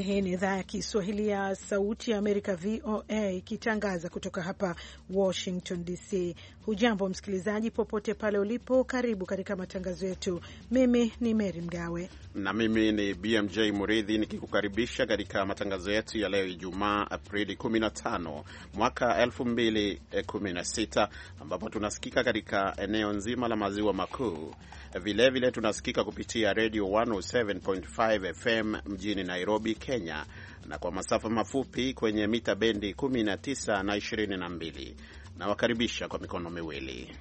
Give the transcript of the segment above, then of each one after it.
hii ni idhaa ya Kiswahili ya Sauti ya Amerika, VOA, ikitangaza kutoka hapa Washington DC. Hujambo msikilizaji, popote pale ulipo, karibu katika matangazo yetu. Mimi ni Mary Mgawe na mimi ni BMJ Muridhi, nikikukaribisha katika matangazo yetu ya leo Ijumaa, Aprili 15 mwaka 2016, eh, ambapo tunasikika katika eneo nzima la maziwa makuu. Vilevile tunasikika kupitia redio 107.5 FM mjini Nairobi, Kenya na kwa masafa mafupi kwenye mita bendi 19 na 22. Nawakaribisha kwa mikono miwili.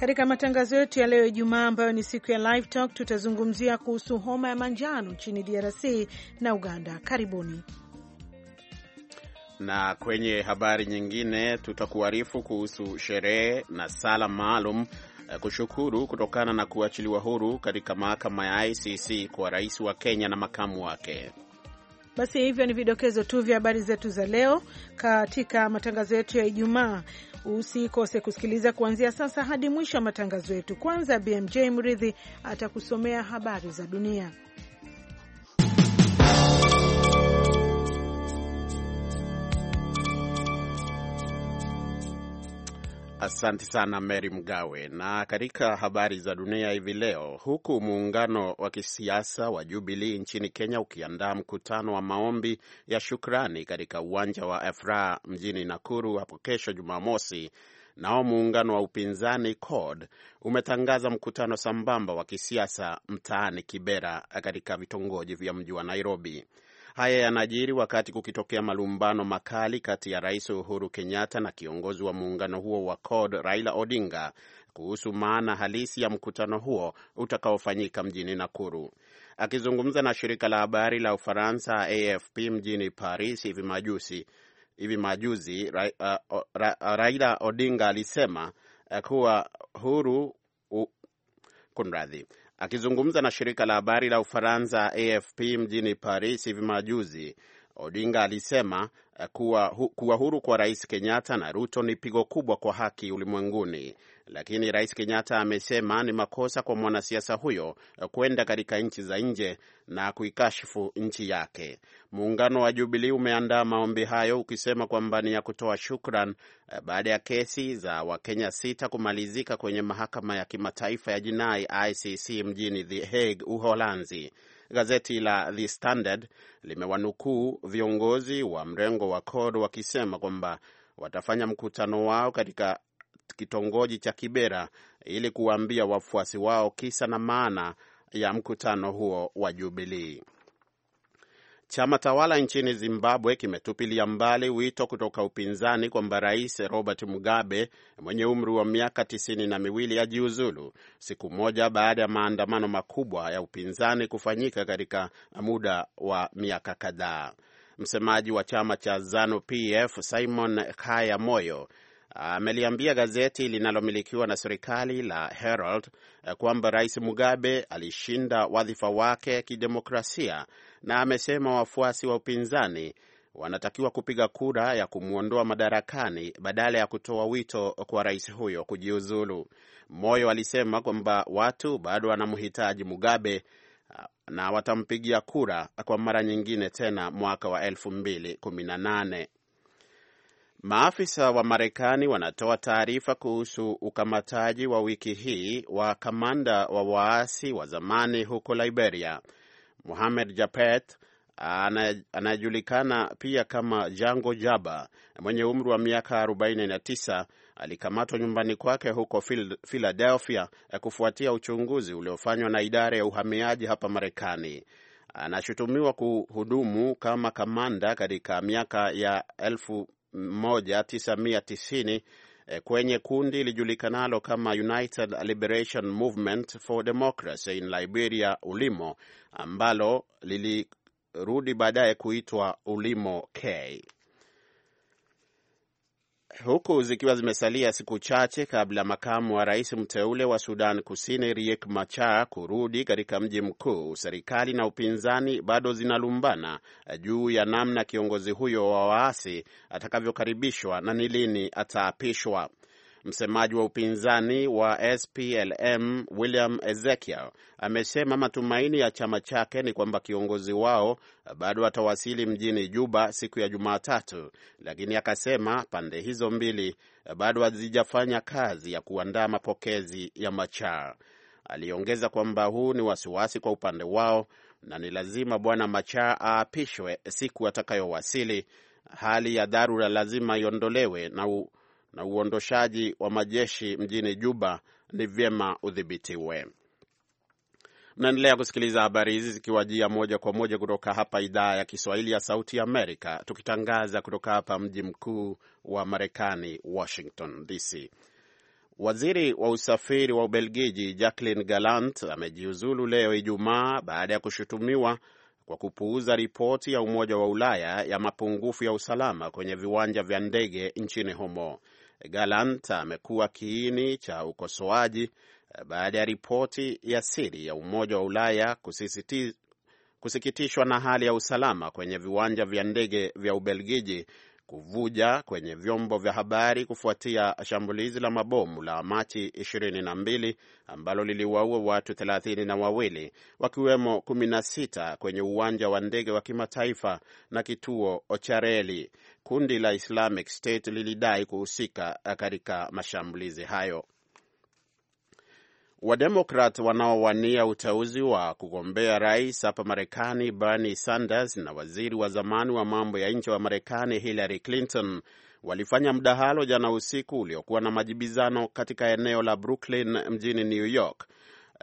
Katika matangazo yetu ya leo Ijumaa, ambayo ni siku ya Live Talk, tutazungumzia kuhusu homa ya manjano nchini DRC na Uganda. Karibuni. Na kwenye habari nyingine, tutakuarifu kuhusu sherehe na sala maalum Eh, kushukuru kutokana na kuachiliwa huru katika mahakama ya ICC kwa rais wa Kenya na makamu wake. Basi hivyo ni vidokezo tu vya habari zetu za leo katika matangazo yetu ya Ijumaa. Usikose kusikiliza kuanzia sasa hadi mwisho wa matangazo yetu. Kwanza BMJ Mridhi atakusomea habari za dunia. Asante sana Mary Mgawe. Na katika habari za dunia hivi leo, huku muungano wa kisiasa wa Jubilee nchini Kenya ukiandaa mkutano wa maombi ya shukrani katika uwanja wa Afraha mjini Nakuru hapo kesho Jumamosi, nao muungano wa upinzani CORD umetangaza mkutano sambamba wa kisiasa mtaani Kibera katika vitongoji vya mji wa Nairobi. Haya yanajiri wakati kukitokea malumbano makali kati ya Rais Uhuru Kenyatta na kiongozi wa muungano huo wa CORD Raila Odinga kuhusu maana halisi ya mkutano huo utakaofanyika mjini Nakuru. Akizungumza na shirika la habari la Ufaransa AFP mjini Paris hivi majuzi, hivi majuzi ra, uh, ra, Raila Odinga alisema uh, kuwa huru uh, kunradhi Akizungumza na shirika la habari la Ufaransa AFP mjini Paris hivi majuzi, Odinga alisema eh, kuwa, hu, kuwa huru kwa Rais Kenyatta na Ruto ni pigo kubwa kwa haki ulimwenguni lakini Rais Kenyatta amesema ni makosa kwa mwanasiasa huyo kwenda katika nchi za nje na kuikashifu nchi yake. Muungano wa Jubilii umeandaa maombi hayo ukisema kwamba ni ya kutoa shukran eh, baada ya kesi za Wakenya sita kumalizika kwenye mahakama ya kimataifa ya jinai ICC mjini The Hague, Uholanzi. Gazeti la The Standard limewanukuu viongozi wa mrengo wa CORD wakisema kwamba watafanya mkutano wao katika kitongoji cha Kibera ili kuwaambia wafuasi wao kisa na maana ya mkutano huo wa Jubilii. Chama tawala nchini Zimbabwe kimetupilia mbali wito kutoka upinzani kwamba Rais Robert Mugabe mwenye umri wa miaka tisini na miwili ajiuzulu, siku moja baada ya maandamano makubwa ya upinzani kufanyika katika muda wa miaka kadhaa. Msemaji wa chama cha ZANU PF Simon Kaya Moyo ameliambia gazeti linalomilikiwa na serikali la Herald eh, kwamba Rais Mugabe alishinda wadhifa wake kidemokrasia, na amesema wafuasi wa upinzani wanatakiwa kupiga kura ya kumwondoa madarakani badala ya kutoa wito kwa rais huyo kujiuzulu. Moyo alisema kwamba watu bado wanamhitaji Mugabe eh, na watampigia kura kwa mara nyingine tena mwaka wa 2018. Maafisa wa Marekani wanatoa taarifa kuhusu ukamataji wa wiki hii wa kamanda wa waasi wa zamani huko Liberia. muhamed Japet anayejulikana pia kama Jango Jaba mwenye umri wa miaka 49 alikamatwa nyumbani kwake huko Philadelphia eh, kufuatia uchunguzi uliofanywa na idara ya uhamiaji hapa Marekani. Anashutumiwa kuhudumu kama kamanda katika miaka ya elfu 1990 eh, kwenye kundi lijulikanalo kama United Liberation Movement for Democracy in Liberia, ULIMO, ambalo lilirudi baadaye kuitwa ULIMO K huku zikiwa zimesalia siku chache kabla makamu wa rais mteule wa Sudan Kusini Riek Machar kurudi katika mji mkuu, serikali na upinzani bado zinalumbana juu ya namna kiongozi huyo wa waasi atakavyokaribishwa na ni lini ataapishwa. Msemaji wa upinzani wa SPLM William Ezekiel amesema matumaini ya chama chake ni kwamba kiongozi wao bado atawasili mjini Juba siku ya Jumatatu, lakini akasema pande hizo mbili bado hazijafanya kazi ya kuandaa mapokezi ya Machar. Aliongeza kwamba huu ni wasiwasi kwa upande wao na ni lazima Bwana Machar aapishwe siku atakayowasili. Hali ya dharura lazima iondolewe na u na uondoshaji wa majeshi mjini Juba ni vyema udhibitiwe. Mnaendelea kusikiliza habari hizi zikiwajia moja kwa moja kutoka hapa idhaa ya Kiswahili ya Sauti ya Amerika, tukitangaza kutoka hapa mji mkuu wa Marekani, Washington DC. Waziri wa usafiri wa Ubelgiji Jacqueline Gallant amejiuzulu leo Ijumaa baada ya kushutumiwa kwa kupuuza ripoti ya Umoja wa Ulaya ya mapungufu ya usalama kwenye viwanja vya ndege nchini humo. Gallant amekuwa kiini cha ukosoaji eh, baada ya ripoti ya siri ya Umoja wa Ulaya kusikitishwa na hali ya usalama kwenye viwanja vya ndege vya Ubelgiji kuvuja kwenye vyombo vya habari kufuatia shambulizi la mabomu la Machi 22 ambalo liliwaua watu thelathini na wawili wakiwemo 16 kwenye uwanja wa ndege wa kimataifa na kituo cha reli. Kundi la Islamic State lilidai kuhusika katika mashambulizi hayo. Wademokrat wanaowania uteuzi wa kugombea rais hapa Marekani, Bernie Sanders na waziri wa zamani wa mambo ya nje wa Marekani Hillary Clinton walifanya mdahalo jana usiku uliokuwa na majibizano katika eneo la Brooklyn mjini New York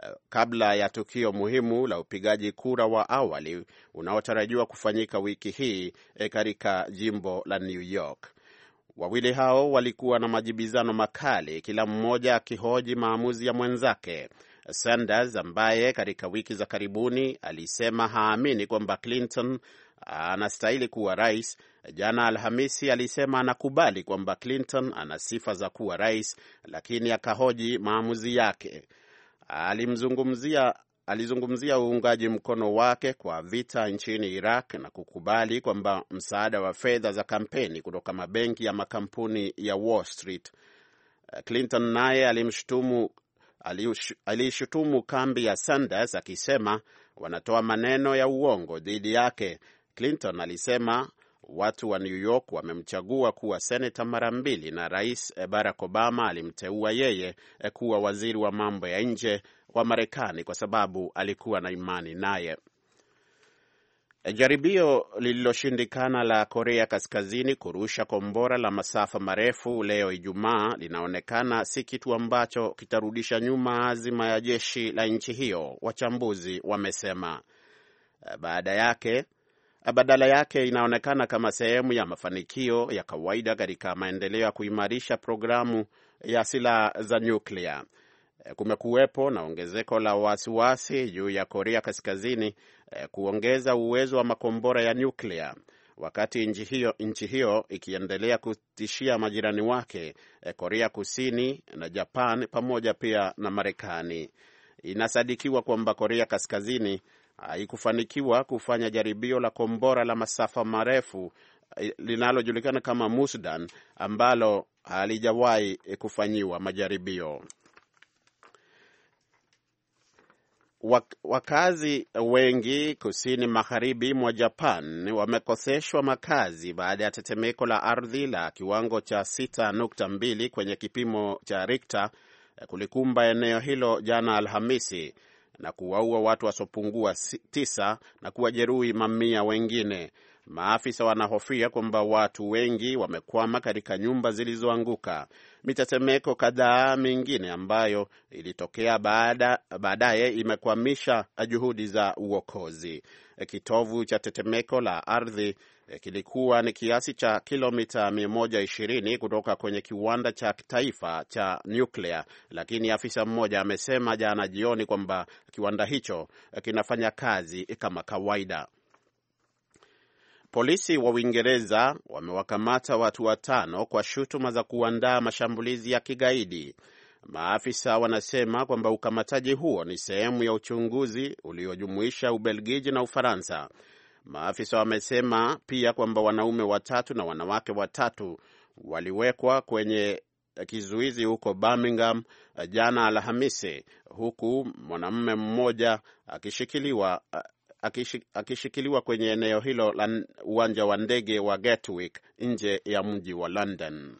eh, kabla ya tukio muhimu la upigaji kura wa awali unaotarajiwa kufanyika wiki hii eh, katika jimbo la New York. Wawili hao walikuwa na majibizano makali, kila mmoja akihoji maamuzi ya mwenzake. Sanders ambaye katika wiki za karibuni alisema haamini kwamba Clinton anastahili kuwa rais, jana Alhamisi alisema anakubali kwamba Clinton ana sifa za kuwa rais, lakini akahoji maamuzi yake. Alimzungumzia alizungumzia uungaji mkono wake kwa vita nchini Iraq na kukubali kwamba msaada wa fedha za kampeni kutoka mabenki ya makampuni ya Wall Street. Clinton naye alimshutumu aliishutumu kambi ya Sanders akisema wanatoa maneno ya uongo dhidi yake. Clinton alisema watu wa New York wamemchagua kuwa seneta mara mbili na Rais Barack Obama alimteua yeye kuwa waziri wa mambo ya nje wa Marekani kwa sababu alikuwa na imani naye. Jaribio lililoshindikana la Korea Kaskazini kurusha kombora la masafa marefu leo Ijumaa linaonekana si kitu ambacho kitarudisha nyuma azima ya jeshi la nchi hiyo, wachambuzi wamesema. Baada yake badala yake inaonekana kama sehemu ya mafanikio ya kawaida katika maendeleo ya kuimarisha programu ya silaha za nyuklia. Eh, kumekuwepo na ongezeko la wasiwasi juu ya Korea Kaskazini eh, kuongeza uwezo wa makombora ya nyuklia wakati nchi hiyo, nchi hiyo ikiendelea kutishia majirani wake eh, Korea Kusini na Japan pamoja pia na Marekani. Inasadikiwa kwamba Korea Kaskazini haikufanikiwa kufanya jaribio la kombora la masafa marefu linalojulikana kama Musdan ambalo halijawahi kufanyiwa majaribio. wakazi wengi kusini magharibi mwa Japan wamekoseshwa makazi baada ya tetemeko la ardhi la kiwango cha 6.2 kwenye kipimo cha rikta eh, kulikumba eneo hilo jana Alhamisi na kuwaua watu wasiopungua tisa na kuwajeruhi mamia wengine. Maafisa wanahofia kwamba watu wengi wamekwama katika nyumba zilizoanguka mitetemeko kadhaa mingine ambayo ilitokea baadaye imekwamisha juhudi za uokozi. Kitovu cha tetemeko la ardhi eh, kilikuwa ni kiasi cha kilomita 120 kutoka kwenye kiwanda cha taifa cha nyuklia, lakini afisa mmoja amesema jana jioni kwamba kiwanda hicho eh, kinafanya kazi kama kawaida. Polisi wa Uingereza wamewakamata watu watano kwa shutuma za kuandaa mashambulizi ya kigaidi. Maafisa wanasema kwamba ukamataji huo ni sehemu ya uchunguzi uliojumuisha Ubelgiji na Ufaransa. Maafisa wamesema pia kwamba wanaume watatu na wanawake watatu waliwekwa kwenye kizuizi huko Birmingham jana Alhamisi, huku mwanamume mmoja akishikiliwa akishikiliwa kwenye eneo hilo la uwanja wa ndege wa Gatwick nje ya mji wa London.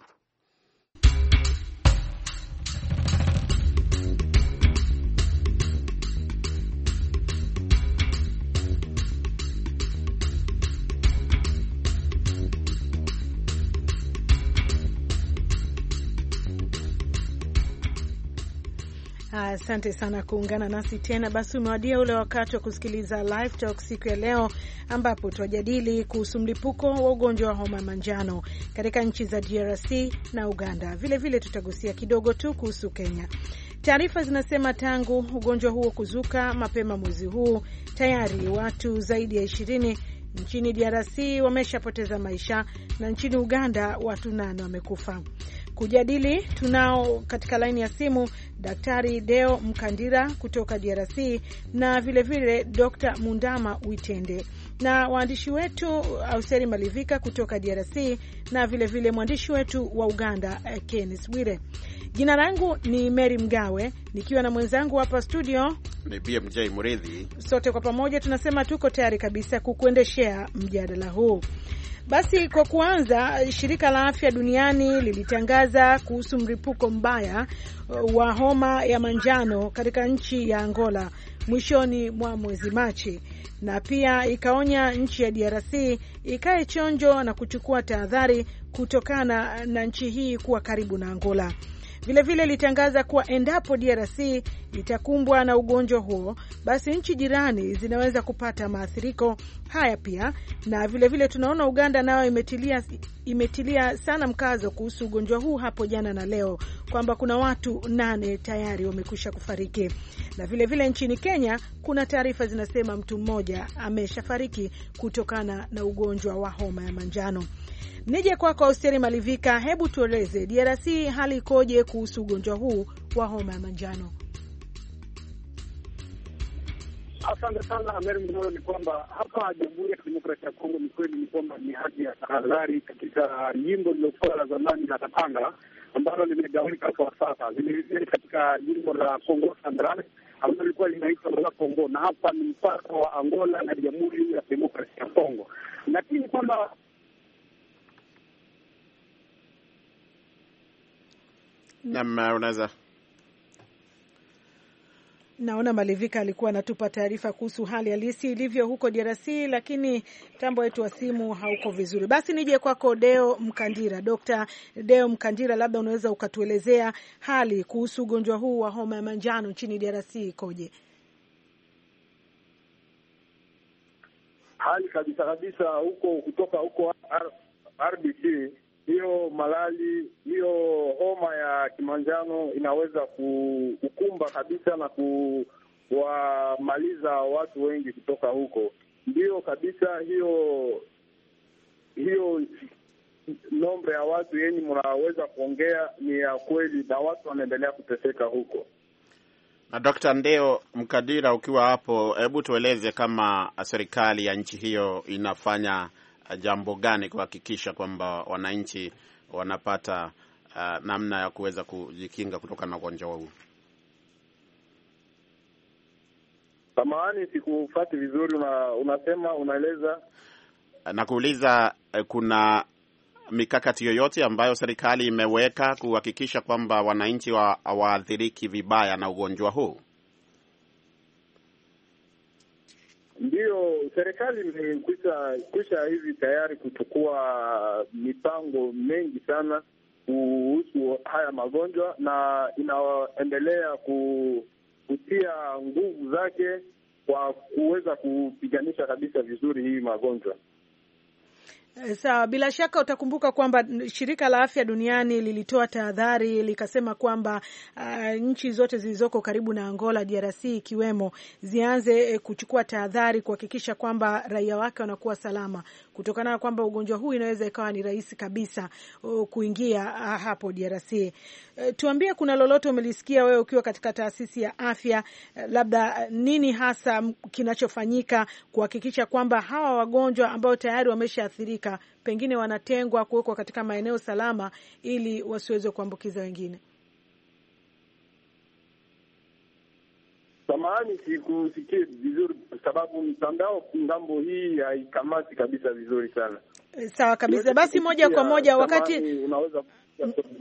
Asante uh, sana kuungana nasi tena. Basi umewadia ule wakati wa kusikiliza Live Talk siku ya leo, ambapo twajadili kuhusu mlipuko wa ugonjwa wa homa manjano katika nchi za DRC na Uganda. Vilevile tutagusia kidogo tu kuhusu Kenya. Taarifa zinasema tangu ugonjwa huo kuzuka mapema mwezi huu, tayari watu zaidi ya ishirini nchini DRC wameshapoteza maisha na nchini Uganda watu nane wamekufa kujadili. Tunao katika laini ya simu Daktari Deo Mkandira kutoka DRC na vilevile Dr Mundama Witende na waandishi wetu Auseri Malivika kutoka DRC na vilevile mwandishi wetu wa Uganda eh, Kenneth Bwire. Jina langu ni Mary Mgawe nikiwa na mwenzangu hapa studio ni BMJ Muridhi. Sote kwa pamoja tunasema tuko tayari kabisa kukuendeshea mjadala huu. Basi kwa kuanza, shirika la afya duniani lilitangaza kuhusu mlipuko mbaya uh, wa homa ya manjano katika nchi ya Angola mwishoni mwa mwezi Machi, na pia ikaonya nchi ya DRC ikae chonjo na kuchukua tahadhari kutokana na nchi hii kuwa karibu na Angola. Vilevile ilitangaza kuwa endapo DRC itakumbwa na ugonjwa huo, basi nchi jirani zinaweza kupata maathiriko haya pia. Na vilevile vile tunaona Uganda nayo imetilia, imetilia sana mkazo kuhusu ugonjwa huu hapo jana na leo kwamba kuna watu nane tayari wamekwisha kufariki. Na vilevile nchini Kenya kuna taarifa zinasema mtu mmoja ameshafariki kutokana na ugonjwa wa homa ya manjano. Nije kwako Austeri Malivika, hebu tueleze DRC hali ikoje kuhusu ugonjwa huu wa homa ya manjano? Asante sana Meri Mdoro, ni kwamba hapa Jamhuri ya Kidemokrasia ya Kongo ni kweli ni kwamba ni hali ya tahadhari katika jimbo lililokuwa la zamani la Katanga ambalo limegawika kwa sasa, vilevile katika jimbo la Kongo Central ambalo lilikuwa linaitwa la Kongo, na hapa ni mpaka wa Angola na Jamhuri ya Kidemokrasia ya Kongo, lakini kwamba Naam, uh, unaweza Naona Malivika alikuwa anatupa taarifa kuhusu hali halisi ilivyo huko DRC, lakini mtambo wetu wa simu hauko vizuri. Basi nije kwako Deo Mkandira. Dr. Deo Mkandira, labda unaweza ukatuelezea hali kuhusu ugonjwa huu wa homa ya manjano nchini DRC ikoje? Hali kabisa kabisa huko kutoka huko RDC hiyo malali, hiyo homa ya kimanjano inaweza kukumba kabisa na kuwamaliza watu wengi kutoka huko. Ndiyo kabisa hiyo hiyo nombre ya watu yenye mnaweza kuongea ni ya kweli, na watu wanaendelea kuteseka huko. Na Dr. Ndeo Mkadira, ukiwa hapo, hebu tueleze kama serikali ya nchi hiyo inafanya jambo gani kuhakikisha kwamba wananchi wanapata uh, namna ya kuweza kujikinga kutokana na ugonjwa huu? Samahani, sikufati vizuri. Una, unasema unaeleza, na kuuliza eh, kuna mikakati yoyote ambayo serikali imeweka kuhakikisha kwamba wananchi hawaathiriki wa vibaya na ugonjwa huu? Ndiyo, serikali imekwisha hivi tayari kuchukua mipango mengi sana kuhusu haya magonjwa na inaendelea kutia nguvu zake kwa kuweza kupiganisha kabisa vizuri hii magonjwa. Sawa, bila shaka utakumbuka kwamba shirika la afya duniani lilitoa tahadhari likasema kwamba uh, nchi zote zilizoko karibu na Angola, DRC ikiwemo, zianze eh, kuchukua tahadhari kuhakikisha kwamba raia wake wanakuwa salama, kutokana na kwamba ugonjwa huu inaweza ikawa ni rahisi kabisa uh, kuingia uh, hapo DRC. Uh, eh, tuambie, kuna lolote umelisikia wewe ukiwa katika taasisi ya afya uh, labda nini hasa kinachofanyika kuhakikisha kwamba hawa wagonjwa ambao tayari wameshaathirika Afrika pengine wanatengwa kuwekwa katika maeneo salama ili wasiweze kuambukiza wengine? Samahani, sikusikie vizuri kwa sababu mtandao ngambo hii haikamati kabisa vizuri sana. Eh, sawa kabisa, basi moja kwa moja wakati unaweza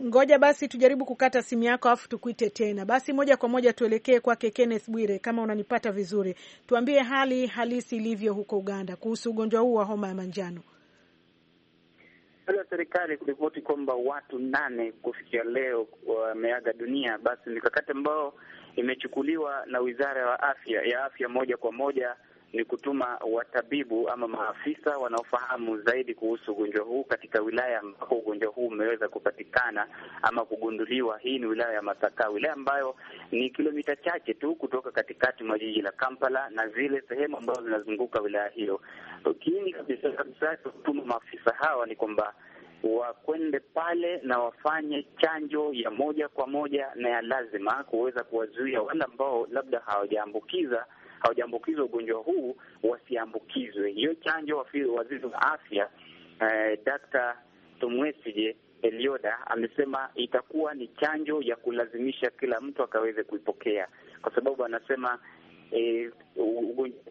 ngoja basi tujaribu kukata simu yako alafu tukuite tena. Basi moja kwa moja tuelekee kwake Kenneth Bwire, kama unanipata vizuri, tuambie hali halisi ilivyo huko Uganda kuhusu ugonjwa huu wa homa ya manjano. Serikali ya serikali kuripoti kwamba watu nane kufikia leo wameaga dunia, basi mikakati ambayo imechukuliwa na wizara ya afya ya afya moja kwa moja ni kutuma watabibu ama maafisa wanaofahamu zaidi kuhusu ugonjwa huu katika wilaya ambako ugonjwa huu umeweza kupatikana ama kugunduliwa. Hii ni wilaya ya Masaka, wilaya ambayo ni kilomita chache tu kutoka katikati mwa jiji la Kampala na zile sehemu ambazo zinazunguka wilaya hiyo. Kiini kabisa kabisa kutuma maafisa hawa ni kwamba wakwende pale na wafanye chanjo ya moja kwa moja na ya lazima kuweza kuwazuia wale ambao labda hawajaambukiza hawajaambukizwa ugonjwa huu wasiambukizwe. Hiyo chanjo waziri wa afya eh, Dr. Tumwesije Elioda amesema itakuwa ni chanjo ya kulazimisha kila mtu akaweze kuipokea, kwa sababu anasema eh, ugonjwa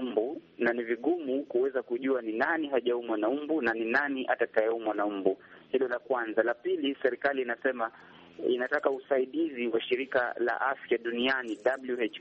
mbu na ni vigumu kuweza kujua ni nani hajaumwa na mbu na ni nani atakayeumwa na mbu. Hilo la kwanza. La pili, serikali inasema inataka usaidizi wa shirika la afya duniani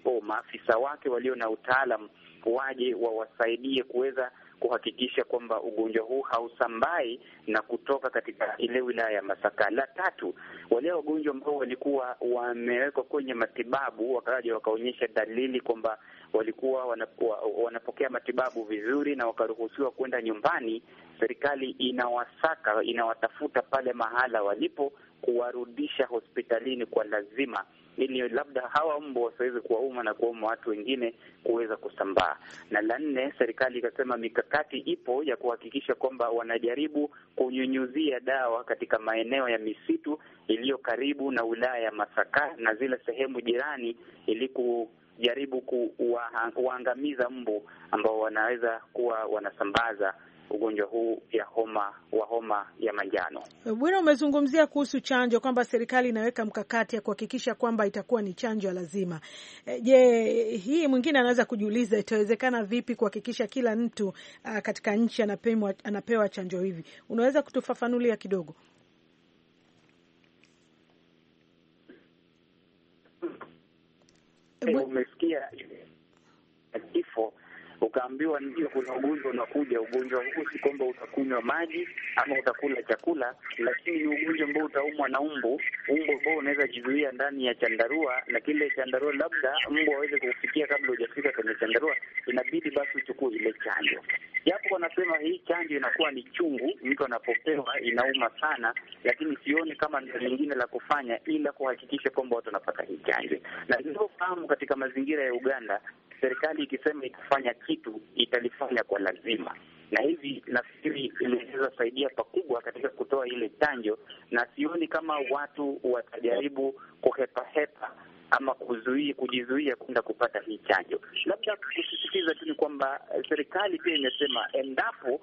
WHO, maafisa wake walio na utaalam waje wawasaidie kuweza kuhakikisha kwamba ugonjwa huu hausambai na kutoka katika ile wilaya ya Masaka. La tatu, wale wagonjwa ambao walikuwa wamewekwa kwenye matibabu wakaja wakaonyesha dalili kwamba walikuwa wanapua, wanapokea matibabu vizuri na wakaruhusiwa kwenda nyumbani, serikali inawasaka inawatafuta pale mahala walipo kuwarudisha hospitalini kwa lazima, ili labda hawa mbu wasiweze kuwauma na kuwauma watu wengine kuweza kusambaa. Na la nne, serikali ikasema mikakati ipo ya kuhakikisha kwamba wanajaribu kunyunyuzia dawa katika maeneo ya misitu iliyo karibu na wilaya ya Masaka na zile sehemu jirani ili kujaribu kuwaangamiza mbu ambao wanaweza kuwa wanasambaza ugonjwa huu ya homa wa homa ya manjano. Bwana, umezungumzia kuhusu chanjo kwamba serikali inaweka mkakati ya kuhakikisha kwamba itakuwa ni chanjo ya lazima. Eh, je, hii mwingine anaweza kujiuliza itawezekana vipi kuhakikisha kila mtu a, ah, katika nchi anapewa, anapewa chanjo hivi? Unaweza kutufafanulia kidogo? Eh, umesikia kifo ukaambiwa ndio kuna ugonjwa unakuja. Ugonjwa huu si kwamba utakunywa maji ama utakula chakula, lakini ni ugonjwa ambao utaumwa na mbu, mbu ambao unaweza jizuia ndani ya chandarua, na kile chandarua labda mbu aweze kufikia kabla hujafika kwenye chandarua, inabidi basi uchukue ile chanjo. Japo wanasema hii chanjo inakuwa ni chungu, mtu anapopewa inauma sana, lakini sioni kama ndio lingine la kufanya ila kuhakikisha kwamba watu wanapata hii chanjo, na nilivyofahamu katika mazingira ya Uganda, serikali ikisema itafanya kitu italifanya kwa lazima, na hivi nafikiri inaweza saidia pakubwa katika kutoa ile chanjo, na sioni kama watu watajaribu kuhepahepa ama kuzuia kujizuia kwenda kupata hii chanjo. Labda kusisitiza tu ni kwamba serikali pia imesema endapo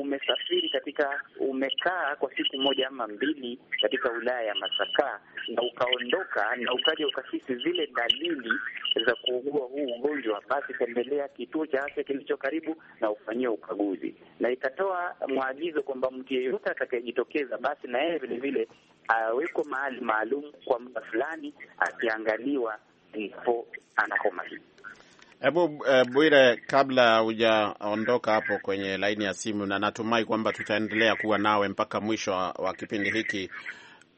umesafiri katika, umekaa kwa siku moja ama mbili katika wilaya ya Masaka na ukaondoka na ukaja ukahisi zile dalili za kuugua huu ugonjwa, basi tembelea kituo cha afya kilicho karibu na ufanyie ukaguzi. Na ikatoa mwagizo kwamba mtu yeyote atakayejitokeza, basi na yeye vile vile awekwe mahali maalum kwa muda fulani, akiangaliwa ndipo ana homa hii. Hebu eh, Bwire, kabla hujaondoka hapo kwenye laini ya simu, na natumai kwamba tutaendelea kuwa nawe mpaka mwisho wa kipindi hiki.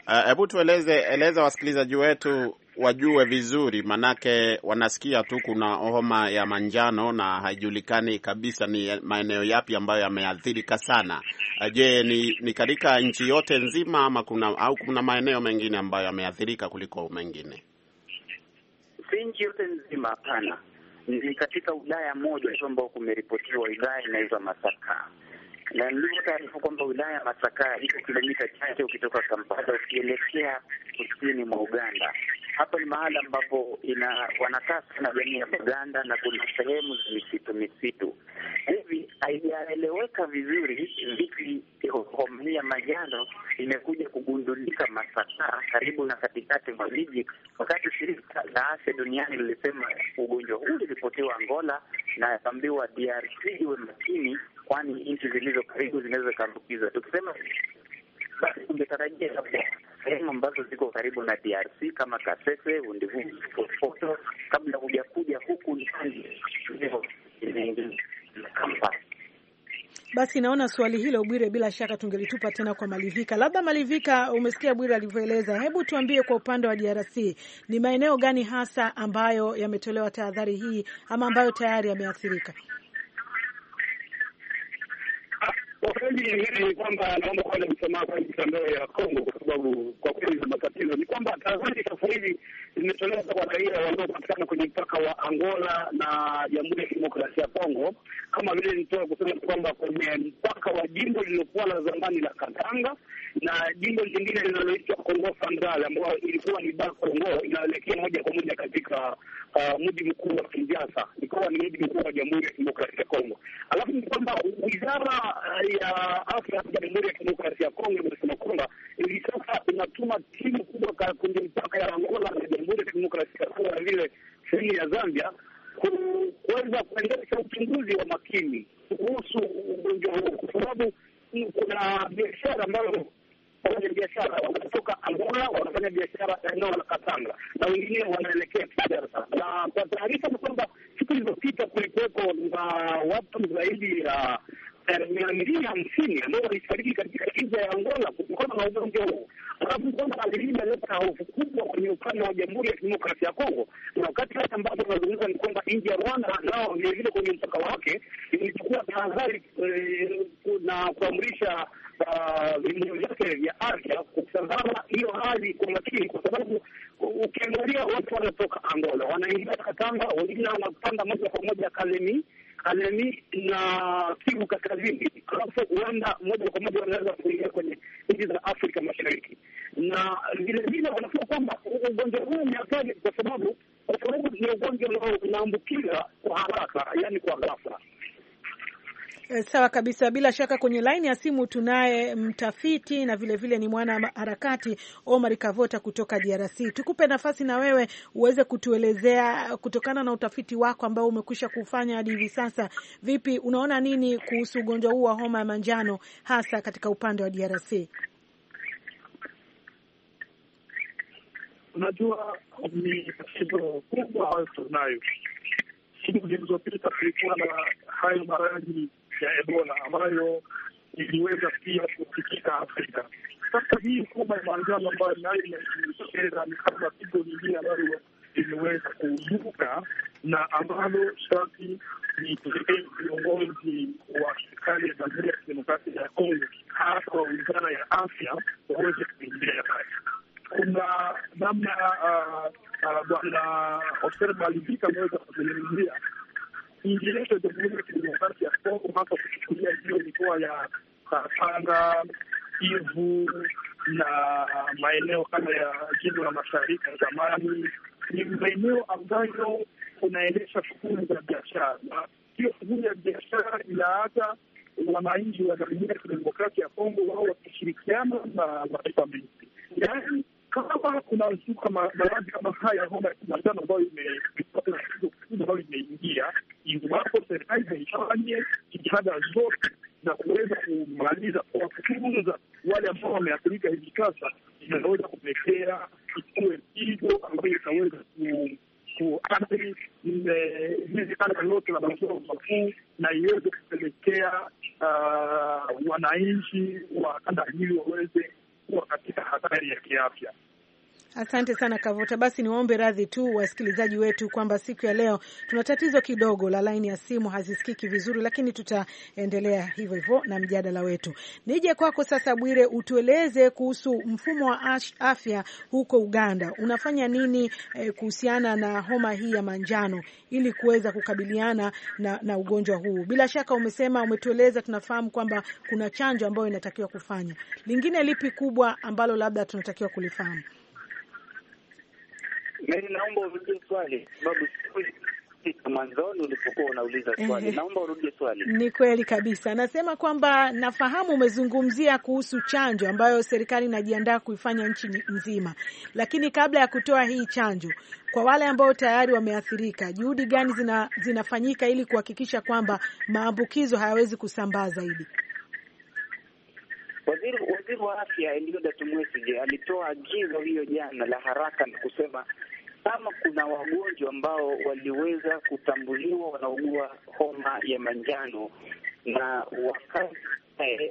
Eh, hebu uh, tueleze eleza wasikilizaji wetu wajue vizuri, manake wanasikia tu kuna homa ya manjano na haijulikani kabisa ni maeneo yapi ambayo yameathirika sana. Eh, je, ni, ni katika nchi yote nzima ama kuna au kuna maeneo mengine ambayo yameathirika kuliko mengine? Si nchi yote nzima, hapana ni katika wilaya moja tu ambao kumeripotiwa, wilaya inaitwa Masaka na nilivyo taarifu kwamba wilaya ya Masaka iko kilomita chache ukitoka Kampala ukielekea kusini mwa Uganda. Hapa ni mahali ambapo ina wanakaa sana jamii ya Uganda na kuna sehemu za misitu misitu hivi. Haijaeleweka vizuri vipi homa hii ya manjano imekuja kugundulika Masaka, karibu na katikati mwa jiji, wakati shirika la afya duniani lilisema ugonjwa huu uliripotiwa Angola na akaambiwa DRC iwe makini kwani nchi zilizo karibu zinaweza zikaambukiza. Tukisema basi, tungetarajia labda sehemu ambazo ziko karibu na DRC kama Kasese, Undivupoto, kabla hujakuja huku ndani Kampala. Basi naona swali hilo Bwire, bila shaka tungelitupa tena kwa Malivika. Labda Malivika, umesikia Bwire alivyoeleza, hebu tuambie kwa upande wa DRC ni maeneo gani hasa ambayo yametolewa tahadhari hii ama ambayo tayari yameathirika? Kwa kweli ni kwamba naomba kwanza msamaha kwa nchi ya Kongo, kwa sababu kwa kweli za matatizo ni kwamba tahadhari sasa hivi zimetolewa kwa raia wanaopatikana kwenye mpaka wa Angola na Jamhuri ya Kidemokrasia ya Kongo, kama vile nitoa kusema kwamba kwenye mpaka wa jimbo lililokuwa la zamani la Katanga na jimbo lingine linaloitwa Kongo Central ambayo ilikuwa ni ba Kongo inaelekea moja kwa moja katika uh, mji mkuu wa Kinshasa, ikawa ni mji mkuu wa Jamhuri ya Kidemokrasia ya Kongo. Alafu ni kwamba wizara uh, ya afya ya Jamhuri ya Kidemokrasia ya Kongo imesema kwamba hivi sasa inatuma timu kubwa kwenye mpaka ya Angola na Jamhuri ya Kidemokrasia ya Kongo na vile sehemu ya Zambia kuweza kuendesha uchunguzi wa makini kuhusu ugonjwa huo, kwa sababu kuna biashara ambayo wafanya biashara wanatoka Angola wanafanya biashara eneo la Katanga na wengine wanaelekea Kinshasa, na kwa taarifa ni kwamba siku ilizopita kulikuweko na watu zaidi ya mia mbili hamsini ambao walifariki katika giza ya Angola kutokana na ugonjwa huu, alafu kwamba alilima leta hofu kubwa kwenye ukanda wa Jamhuri ya Kidemokrasia ya Kongo, na wakati hata ambapo tunazungumza ni kwamba nchi ya Rwanda nao vilevile kwenye mpaka wake ilichukua tahadhari eh, na kuamrisha ah, vimo vyake vya afya kutazama hiyo hali kwa makini, kwa sababu ukiangalia watu wanatoka Angola wanaingia Katanga, wengine wanapanda moja kwa moja Kalemi Kalemi na Kivu Kaskazini, alafu huenda moja kwa moja wanaweza kuingia kwenye nchi za Afrika Mashariki, na vilevile wanasema kwamba ugonjwa huu ni hatari kwa sababu kwa sababu ni ugonjwa unao unaambukiza kwa haraka, yani kwa ghafla. Eh, sawa kabisa. Bila shaka kwenye laini ya simu tunaye mtafiti na vilevile vile ni mwana harakati Omar Kavota kutoka DRC. Tukupe nafasi na wewe uweze kutuelezea kutokana na utafiti wako ambao umekwisha kufanya hadi hivi sasa, vipi unaona nini kuhusu ugonjwa huu wa homa ya manjano hasa katika upande wa DRC? Unajua, ni tatizo kubwa ambayo tunayo. Siku zilizopita tulikuwa na hayo maradhi ya Ebola ambayo iliweza pia kufikika Afrika. Sasa hii kuba ya manjano ambayo nayo imejitokeza ni kama pigo nyingine ambayo imeweza kuzuka na ambalo shati ni viongozi wa serikali ya Jamhuri ya Kidemokrasia ya Kongo, hasa wa wizara ya afya waweze kuingilia kati. Kuna namna ah, ah, bwana Oster Malivika ameweza kuzungumzia kiingilisho ya Jamhuri ya Kidemokrasi ya Kongo mpaka kuchukulia hiyo mikoa ya Katanga, Kivu na maeneo kama ya jimbo la mashariki ya zamani, ni maeneo ambayo unaendesha shughuli za biashara, na hiyo shughuli ya biashara inaacha wananchi wa Jamhuri ya Kidemokrasia ya Kongo wao wakishirikiana na mataifa mengi, yaani kama kuna siku kama maradhi kama haya ya homa ya kimanjano ambayo ambayo imeingia, iwapo serikali haifanye jitihada zote na kuweza kumaliza kuwafukuza wale ambao wameathirika hivi sasa, inaweza kupelekea ikuwe pigo ambayo itaweza kuathiri eh, hizi kanda lote la maziwa makuu na iweze kupelekea ah, wananchi wa kanda hili waweze kuwa katika hatari ya kiafya. Asante sana Kavota. Basi niwaombe radhi tu wasikilizaji wetu kwamba siku ya leo tuna tatizo kidogo la laini ya simu, hazisikiki vizuri, lakini tutaendelea hivyo hivyo na mjadala wetu. Nije kwako sasa, Bwire, utueleze kuhusu mfumo wa afya huko Uganda unafanya nini eh, kuhusiana na homa hii ya manjano ili kuweza kukabiliana na, na ugonjwa huu. Bila shaka umesema, umetueleza, tunafahamu kwamba kuna chanjo ambayo inatakiwa kufanya. Lingine lipi kubwa ambalo labda tunatakiwa kulifahamu? Mimi naomba urudie swali sababu mwanzoni ulipokuwa unauliza swali, naomba urudie swali. Ni kweli kabisa, nasema kwamba nafahamu umezungumzia kuhusu chanjo ambayo serikali inajiandaa kuifanya nchi nzima, lakini kabla ya kutoa hii chanjo kwa wale ambao tayari wameathirika, juhudi gani zina, zinafanyika ili kuhakikisha kwamba maambukizo hayawezi kusambaa zaidi? Waziri waziri wa afya Elioda Tumwesige alitoa agizo hiyo jana la haraka na kusema kama kuna wagonjwa ambao waliweza kutambuliwa wanaugua homa ya manjano na waka eh,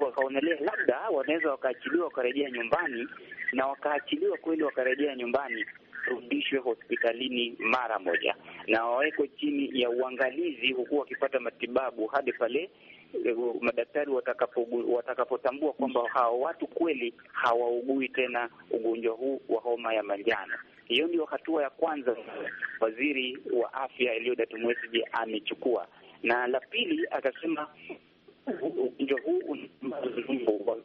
wakaonelea labda wanaweza wakaachiliwa wakarejea nyumbani, na wakaachiliwa kweli wakarejea nyumbani, rudishwe hospitalini mara moja na wawekwe chini ya uangalizi, huku wakipata matibabu hadi pale Eh, madaktari watakapotambua wataka kwamba hawa watu kweli hawaugui tena ugonjwa huu wa homa ya manjano. Hiyo ndio hatua ya kwanza waziri wa afya Eliud Mwesigye amechukua, na la pili akasema ugonjwa huu wa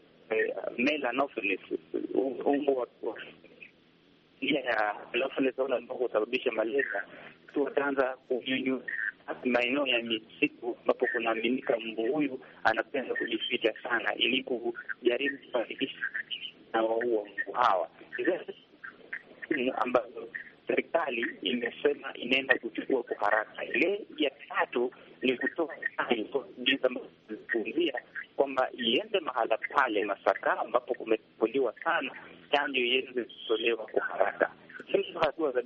eh, ambao husababisha malaria, wataanza kunyunyuza maeneo ya misitu ambapo kunaaminika mbu huyu anapenda kujificha sana, ili kujaribu kufanikisha na waua mbu hawa ambazo serikali imesema inaenda kuchukua kwa haraka. Ile ya tatu ni kutoa kwamba iende mahala pale Masaka ambapo kumechukuliwa sana chanjo iweze kutolewa kwa haraka. Hizo hatua za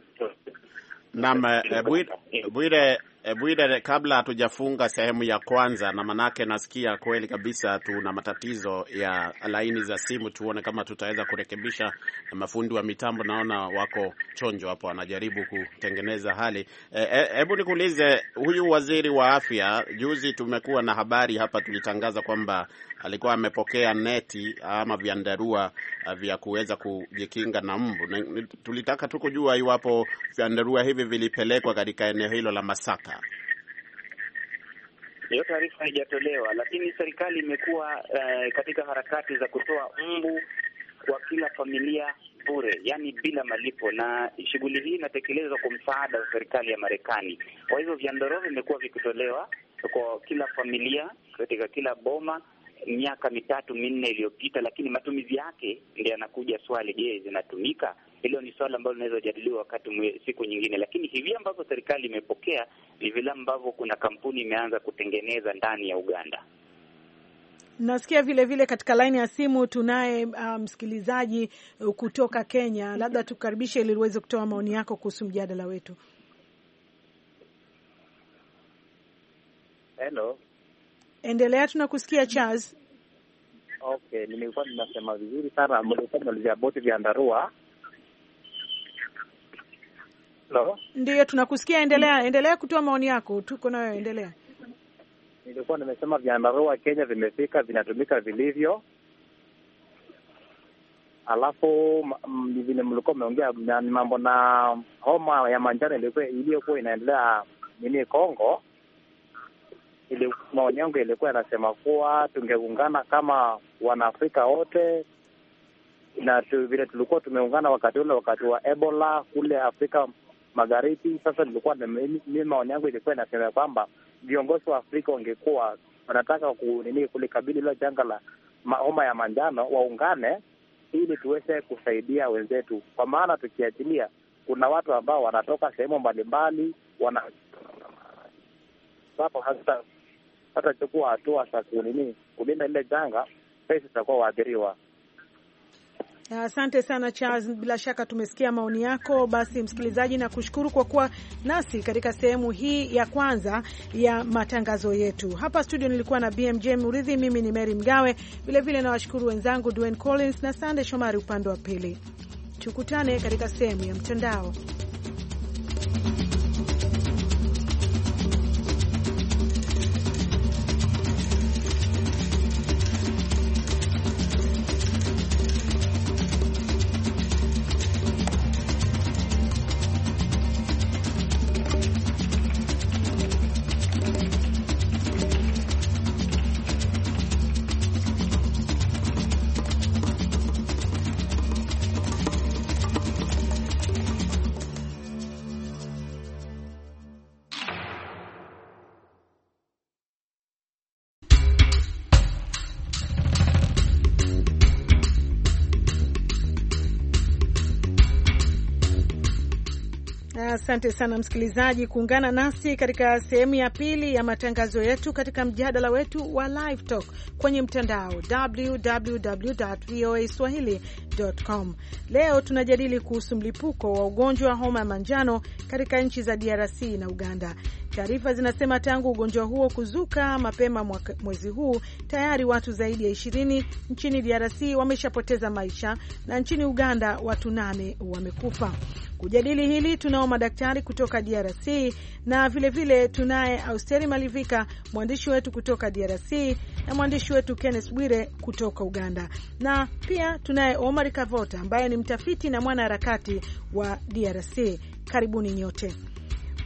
Naam, eh, Bwire E, Bwire, kabla hatujafunga sehemu ya kwanza, na manake nasikia kweli kabisa tuna matatizo ya laini za simu, tuone kama tutaweza kurekebisha. Mafundi wa mitambo naona wako chonjo hapo, wanajaribu kutengeneza hali. Hebu e, e nikuulize, huyu waziri wa afya, juzi tumekuwa na habari hapa, tulitangaza kwamba alikuwa amepokea neti ama vyandarua vya kuweza kujikinga na mbu, tulitaka tu kujua iwapo vyandarua hivi vilipelekwa katika eneo hilo la Masaka. Hiyo taarifa haijatolewa, lakini serikali imekuwa uh, katika harakati za kutoa mbu kwa kila familia bure, yani bila malipo, na shughuli hii inatekelezwa kwa msaada wa serikali ya Marekani. Kwa hivyo viandoroo vimekuwa vikitolewa kwa kila familia katika kila boma miaka mitatu minne iliyopita, lakini matumizi yake ndio yanakuja swali, je, zinatumika? Hilo ni swala ambalo linaweza jadiliwa wakati siku nyingine, lakini hivi ambavyo serikali imepokea ni vile ambavyo kuna kampuni imeanza kutengeneza ndani ya Uganda. Nasikia vile vile katika laini ya simu tunaye uh, msikilizaji um, kutoka Kenya. Labda tukaribishe ili uweze kutoa maoni yako kuhusu mjadala wetu. Hello. Endelea, tunakusikia Charles. Okay, nimekuwa ninasema vizuri sana mlizia boti vya ndarua. Hello? Ndiyo, tunakusikia. Endelea, endelea kutoa maoni yako, tuko nayo. Endelea. Nilikuwa nimesema vyandarua Kenya vimefika, vinatumika vilivyo. Alafu vile mlikuwa mmeongea mambo na homa ya manjano iliyokuwa inaendelea nini Kongo ili maoni yangu ilikuwa inasema kuwa tungeungana kama Wanaafrika wote na vile tulikuwa tumeungana wakati ule wakati wa Ebola kule Afrika Magharibi. Sasa nilikuwa mi maoni yangu ilikuwa inasema kwamba viongozi wa Afrika wangekuwa wanataka kunini kulikabili hilo janga la homa ya manjano, waungane ili tuweze kusaidia wenzetu, kwa maana tukiachilia, kuna watu ambao wanatoka sehemu mbalimbali wana hapo hasa hatachukua hatua za kunini kulinda ile janga, pesa zitakuwa waathiriwa. Asante sana Charles, bila shaka tumesikia maoni yako. Basi msikilizaji, na kushukuru kwa kuwa nasi katika sehemu hii ya kwanza ya matangazo yetu. Hapa studio nilikuwa na BMJ Muridhi, mimi ni Mary Mgawe, vilevile nawashukuru wenzangu Dwayne Collins na Sande Shomari upande wa pili. Tukutane katika sehemu ya mtandao. Asante sana msikilizaji kuungana nasi katika sehemu ya pili ya matangazo yetu katika mjadala wetu wa Live Talk kwenye mtandao voa swahilicom Leo tunajadili kuhusu mlipuko wa ugonjwa wa homa ya manjano katika nchi za DRC na Uganda. Taarifa zinasema tangu ugonjwa huo kuzuka mapema mwezi huu tayari watu zaidi ya ishirini nchini DRC wameshapoteza maisha na nchini Uganda watu nane wamekufa. Kujadili hili tunao madaktari kutoka DRC na vilevile tunaye Austeri Malivika, mwandishi wetu kutoka DRC na mwandishi wetu Kenneth Bwire kutoka Uganda, na pia tunaye Omar Kavota ambaye ni mtafiti na mwanaharakati wa DRC. Karibuni nyote.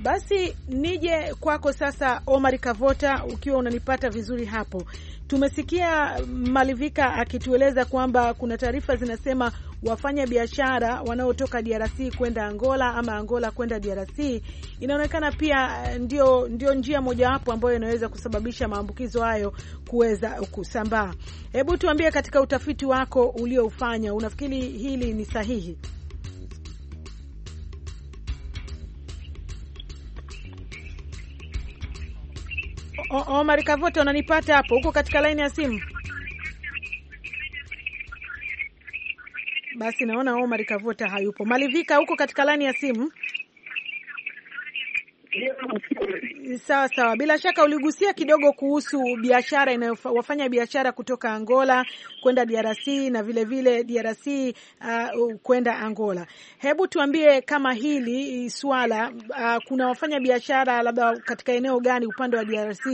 Basi nije kwako sasa, Omar Kavota, ukiwa unanipata vizuri hapo. Tumesikia Malivika akitueleza kwamba kuna taarifa zinasema wafanya biashara wanaotoka DRC kwenda Angola ama Angola kwenda DRC inaonekana pia eh, ndio, ndio njia mojawapo ambayo inaweza kusababisha maambukizo hayo kuweza kusambaa. Hebu tuambie, katika utafiti wako ulioufanya, unafikiri hili ni sahihi? Omar Kavota, unanipata hapo? Uko katika laini ya simu? Basi naona Omar Kavota hayupo. Malivika, uko katika laini ya simu? Sawa sawa, bila shaka uligusia kidogo kuhusu biashara inayowafanya biashara kutoka Angola kwenda DRC na vilevile vile DRC uh, kwenda Angola. Hebu tuambie kama hili swala uh, kuna wafanya biashara labda katika eneo gani upande wa DRC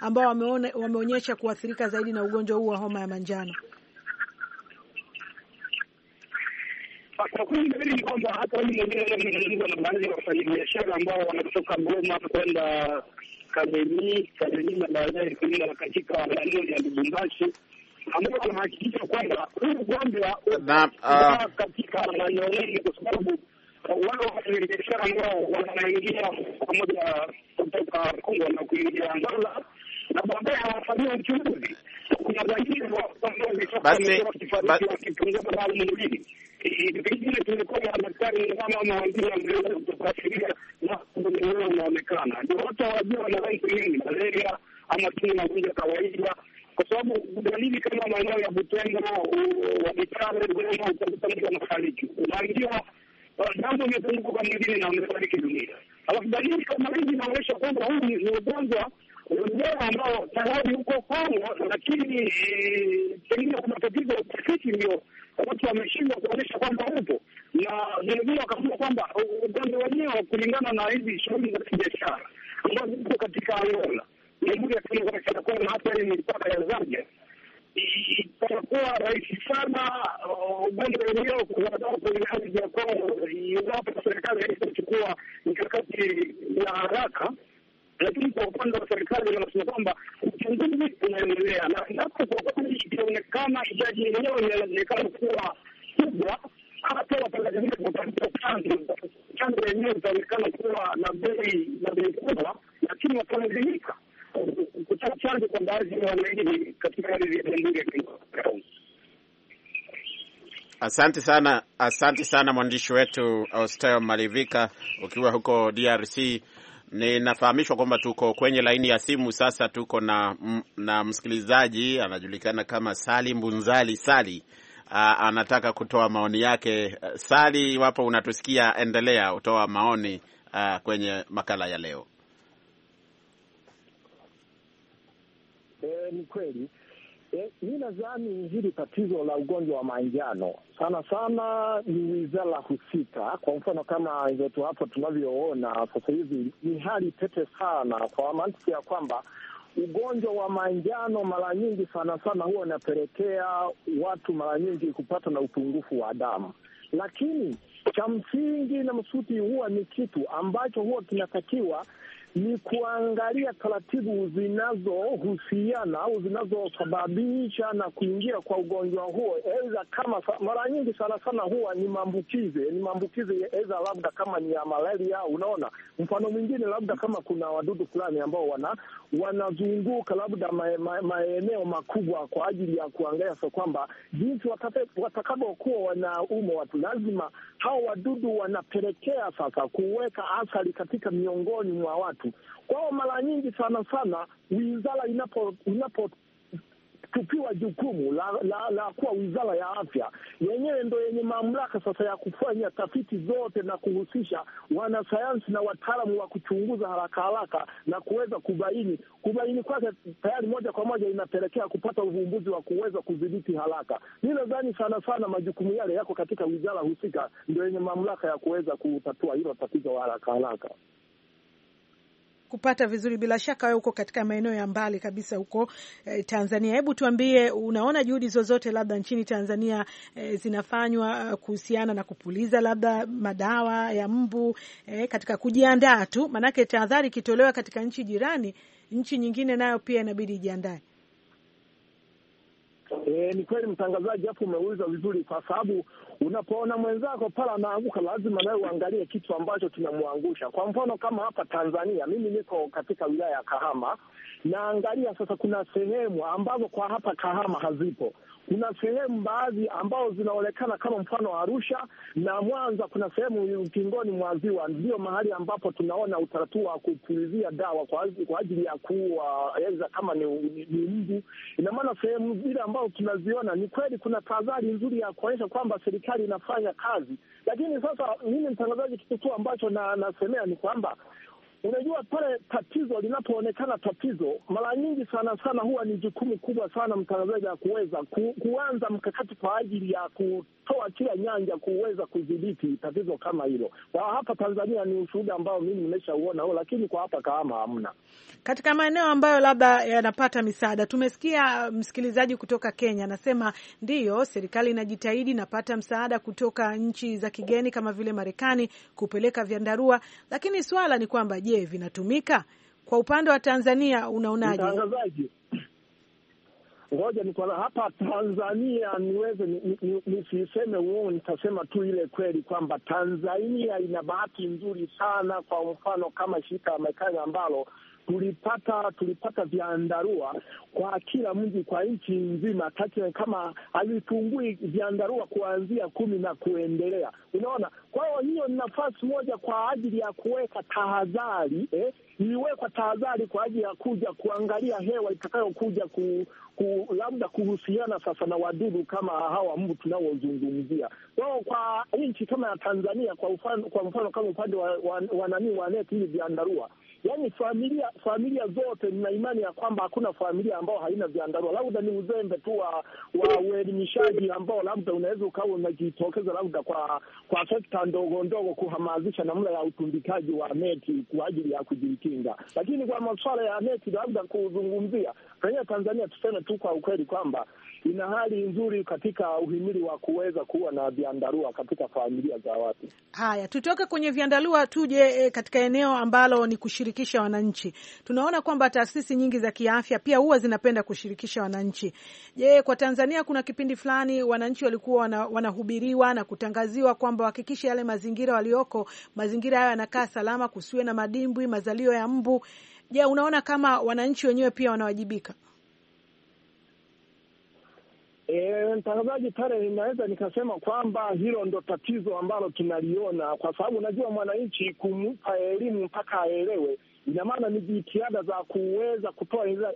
ambao wameone, wameonyesha kuathirika zaidi na ugonjwa huu wa homa ya manjano? Kwa kweli mbili ni kwamba hata mimi mwenyewe nimezungumza na baadhi ya wafanyabiashara ambao wanatoka Goma kwenda Kalemie, Kalemie na baadaye kuenda katika maeneo ya Lubumbashi ambao wanahakikisha kwamba huu ugonjwa ah, katika maeneo mengi, kwa sababu wale wafanyabiashara ambao wanaingia pamoja kutoka Kongo na kuingia Angola na baadaye hawafanyiwa uchunguzi. Kuna wengine ambao wametoka wakipunguza pengine tungekuwa na madaktari ama wengine wangeweza kutoka na uelewa unaonekana, ndio watu hawajua wanadhani nini malaria ama tu magonjwa kawaida kwa sababu dalili kama maeneo ya Butembo, Wamitare, Goma utakuta mtu anafariki, unaambiwa ah, jambo imepunguka mwingine na amefariki dunia. Alafu dalili kama hizi inaonyesha kwamba huu ni ugonjwa wenyewe ambao tayari huko Kongo, lakini pengine kuna tatizo ya utafiti, ndio watu wameshindwa kuonyesha kwamba upo, na vilevile wakaamua kwamba ugonjwa wenyewe, kulingana na hizi shughuli za kibiashara ambazo uko katika Angola, Jamhuri ya Kidemokrasia ya Kongo na hata hii mipaka ya Zambia, itakuwa rahisi sana ugonjwa wenyewe kuandaa kwenye ardhi ya Kongo iwapo serikali haitachukua mikakati ya haraka lakini kwa upande wa serikali wanasema kwamba uchunguzi unaendelea, na endapo kwa kweli ikionekana idadi yenyewe inaonekana kuwa kubwa, hata watalazimika kutafuta chanzo. Chanzo yenyewe itaonekana kuwa na bei na bei kubwa, lakini watalazimika kutoa chanzo kwa baadhi ya wananchi katika ardhi ya Jamhuri ya Kenya. Asante sana, asante sana mwandishi wetu Austel Malivika ukiwa huko DRC. Ninafahamishwa kwamba tuko kwenye laini ya simu sasa. Tuko na, na msikilizaji anajulikana kama Sali Mbunzali Sali. a, anataka kutoa maoni yake. Sali, iwapo unatusikia, endelea utoa maoni a, kwenye makala ya leo. E, ni kweli E, mi nadhani hili tatizo la ugonjwa wa manjano sana sana ni wizara husika. Kwa mfano kama wenzetu hapo tunavyoona sasa hivi ni hali tete sana, kwa mantiki ya kwamba ugonjwa wa manjano mara nyingi sana sana huwa unapelekea watu mara nyingi kupata na upungufu wa damu, lakini cha msingi na msuti huwa ni kitu ambacho huwa kinatakiwa ni kuangalia taratibu zinazohusiana au zinazosababisha na kuingia kwa ugonjwa huo, eza kama mara nyingi sana sana huwa ni maambukizi, ni maambukizi eza, labda kama ni ya malaria. Unaona, mfano mwingine labda kama kuna wadudu fulani ambao wana wanazunguka labda maeneo makubwa kwa ajili ya kuangalia sa kwamba jinsi watakavyokuwa wanauma watu. Lazima hao wadudu wanapelekea sasa kuweka athari katika miongoni mwa watu kwao. Mara nyingi sana sana wizara inapo, inapo tupiwa jukumu la, la, la kuwa wizara ya afya yenyewe ndo yenye mamlaka sasa ya kufanya tafiti zote na kuhusisha wanasayansi na wataalamu wa kuchunguza haraka haraka na kuweza kubaini. Kubaini kwake tayari moja kwa moja inapelekea kupata uvumbuzi wa kuweza kudhibiti haraka. Mi nadhani sana sana majukumu yale yako katika wizara husika, ndo yenye mamlaka ya kuweza kutatua hilo tatizo haraka haraka kupata vizuri. Bila shaka wewe uko katika maeneo ya mbali kabisa huko eh, Tanzania. Hebu tuambie, unaona juhudi zozote labda nchini Tanzania eh, zinafanywa eh, kuhusiana na kupuliza labda madawa ya mbu eh, katika kujiandaa tu, maanake tahadhari ikitolewa katika nchi jirani, nchi nyingine nayo pia inabidi ijiandae. E, ni kweli mtangazaji hapo umeuliza vizuri, kwa sababu Unapoona mwenzako pale anaanguka, lazima nawe uangalie kitu ambacho kinamwangusha. Kwa mfano kama hapa Tanzania, mimi niko katika wilaya ya Kahama, naangalia sasa, kuna sehemu ambazo kwa hapa Kahama hazipo kuna sehemu baadhi ambao zinaonekana kama mfano Arusha na Mwanza, kuna sehemu ukingoni mwa ziwa, ndio mahali ambapo tunaona utaratibu wa kupulizia dawa kwa ajili ya kuwaeza kama ni, ni, ni mbu. Ina maana sehemu zile ambazo tunaziona ni kweli kuna tahadhari nzuri ya kuonyesha kwamba serikali inafanya kazi, lakini sasa mimi mtangazaji, kitu tu ambacho na, nasemea ni kwamba Unajua, pale tatizo linapoonekana tatizo, mara nyingi sana sana huwa ni jukumu kubwa sana mtangazaji ya kuweza ku, kuanza mkakati kwa ajili ya kutoa kila nyanja kuweza kudhibiti tatizo kama hilo. Kwa hapa Tanzania ni ushuhuda ambao mimi nimeshauona huo, lakini kwa hapa Kahama hamna. Katika maeneo ambayo labda yanapata misaada, tumesikia msikilizaji kutoka Kenya anasema ndiyo, serikali inajitahidi, napata msaada kutoka nchi za kigeni kama vile Marekani kupeleka vyandarua, lakini swala ni kwamba je, vinatumika? Kwa upande wa Tanzania unaonaje? Mtangazaji, ngoja ni kwa hapa Tanzania niweze nisiseme ni, ni uongo, nitasema tu ile kweli kwamba Tanzania ina bahati nzuri sana. Kwa mfano kama shirika la Marekani ambalo tulipata tulipata vyandarua kwa kila mji kwa nchi nzima, takriban kama havipungui vyandarua kuanzia kumi na kuendelea. Unaona, kwa hiyo hiyo ni nafasi moja kwa ajili ya kuweka tahadhari eh, iliwekwa tahadhari kwa ajili ya kuja kuangalia hewa itakayokuja ku, ku labda kuhusiana sasa na wadudu kama hawa mbu tunaozungumzia kwao kwa nchi kama ya Tanzania kwa, kwa mfano kama upande wa, wa, wa nani wa neti hivi vyandarua yani familia familia zote, nina imani ya kwamba hakuna familia ambao haina vyandarua, labda ni uzembe tu wa wa uelimishaji ambao labda unaweza ukawa unajitokeza labda kwa kwa sekta ndogo ndogo, kuhamasisha namna ya utundikaji wa neti kwa ajili ya kujikinga. Lakini kwa masuala ya neti, labda kuzungumzia raia Tanzania, tuseme tu kwa ukweli kwamba ina hali nzuri katika uhimili wa kuweza kuwa na vyandarua katika familia za watu. Haya, tutoke kwenye vyandarua tuje eh, katika eneo ambalo ni kushiri kushirikisha wananchi. Tunaona kwamba taasisi nyingi za kiafya pia huwa zinapenda kushirikisha wananchi. Je, kwa Tanzania kuna kipindi fulani wananchi walikuwa wana, wanahubiriwa na kutangaziwa kwamba wahakikishe yale mazingira walioko, mazingira hayo yanakaa salama, kusiwe na madimbwi, mazalio ya mbu. Je, unaona kama wananchi wenyewe pia wanawajibika? E, mtangazaji pale, inaweza nikasema kwamba hilo ndo tatizo ambalo tunaliona, kwa sababu unajua mwananchi kumpa elimu mpaka aelewe, ina maana ni jitihada za kuweza kutoa eza,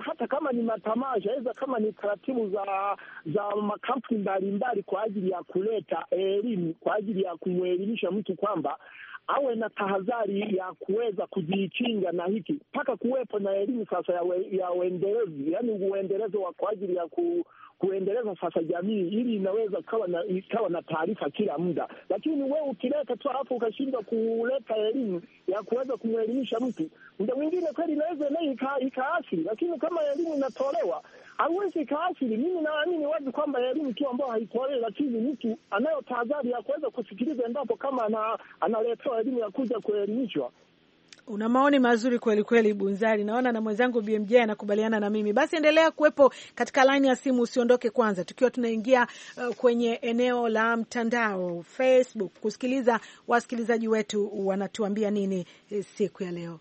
hata kama ni matamasha, eza kama ni taratibu za za makampuni mbalimbali kwa ajili ya kuleta elimu, kwa ajili ya kumwelimisha mtu kwamba awe na tahadhari ya kuweza kujikinga na hiki, mpaka kuwepo na elimu sasa ya, we, ya uendelevu, yani uendelezo wa kwa ajili ya ku kuendeleza sasa jamii, ili inaweza kawa na, ikawa na taarifa kila muda, lakini wewe ukileta tu hapo ukashindwa kuleta elimu ya kuweza kumwelimisha mtu, muda mwingine kweli inaweza naye ikaathiri, lakini kama elimu inatolewa hauwezi ikaathiri. Mimi naamini wazi kwamba elimu tu ambayo haitolewi, lakini mtu anayo tahadhari ya kuweza kusikiliza, endapo kama analetewa elimu ya kuja kuelimishwa Una maoni mazuri kweli kweli, Bunzari. Naona na mwenzangu BMJ anakubaliana na mimi. Basi endelea kuwepo katika laini ya simu, usiondoke kwanza, tukiwa tunaingia uh, kwenye eneo la mtandao Facebook kusikiliza wasikilizaji wetu wanatuambia nini eh, siku ya leo.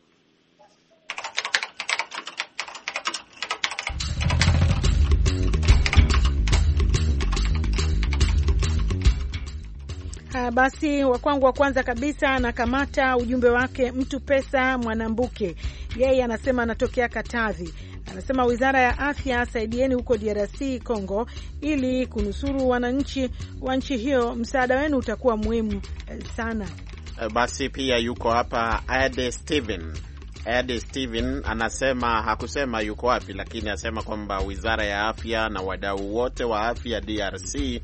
Uh, basi wa kwangu wa kwanza kabisa nakamata ujumbe wake mtu pesa Mwanambuke, yeye anasema anatokea Katavi. Anasema wizara ya afya saidieni huko DRC Congo ili kunusuru wananchi wa nchi hiyo. Msaada wenu utakuwa muhimu eh, sana. Eh, basi pia yuko hapa Ed Steven. Ed Steven anasema hakusema yuko wapi, lakini anasema kwamba wizara ya afya na wadau wote wa afya DRC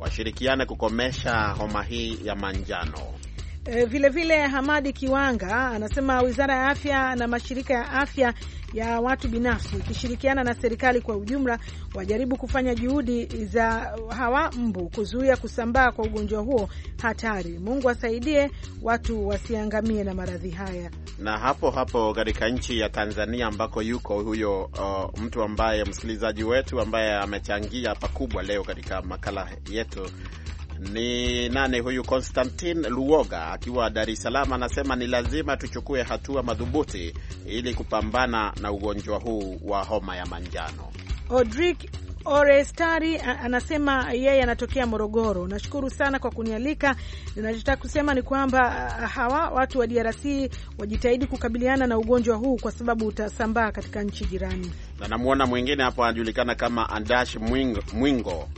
washirikiane kukomesha homa hii ya manjano. Vilevile eh, vile Hamadi Kiwanga anasema wizara ya afya na mashirika ya afya ya watu binafsi ikishirikiana na serikali kwa ujumla wajaribu kufanya juhudi za hawa mbu kuzuia kusambaa kwa ugonjwa huo hatari. Mungu asaidie watu wasiangamie na maradhi haya. Na hapo hapo katika nchi ya Tanzania ambako yuko huyo uh, mtu ambaye msikilizaji wetu ambaye amechangia pakubwa leo katika makala yetu ni nane huyu Konstantin Luoga akiwa Dar es Salaam anasema ni lazima tuchukue hatua madhubuti ili kupambana na ugonjwa huu wa homa ya manjano. Odrik Orestari anasema yeye anatokea Morogoro. Nashukuru sana kwa kunialika. Ninachotaka kusema ni kwamba hawa watu wa DRC wajitahidi kukabiliana na ugonjwa huu kwa sababu utasambaa katika nchi jirani. Na namwona mwingine hapo anajulikana kama Andash Mwingo, Mwingo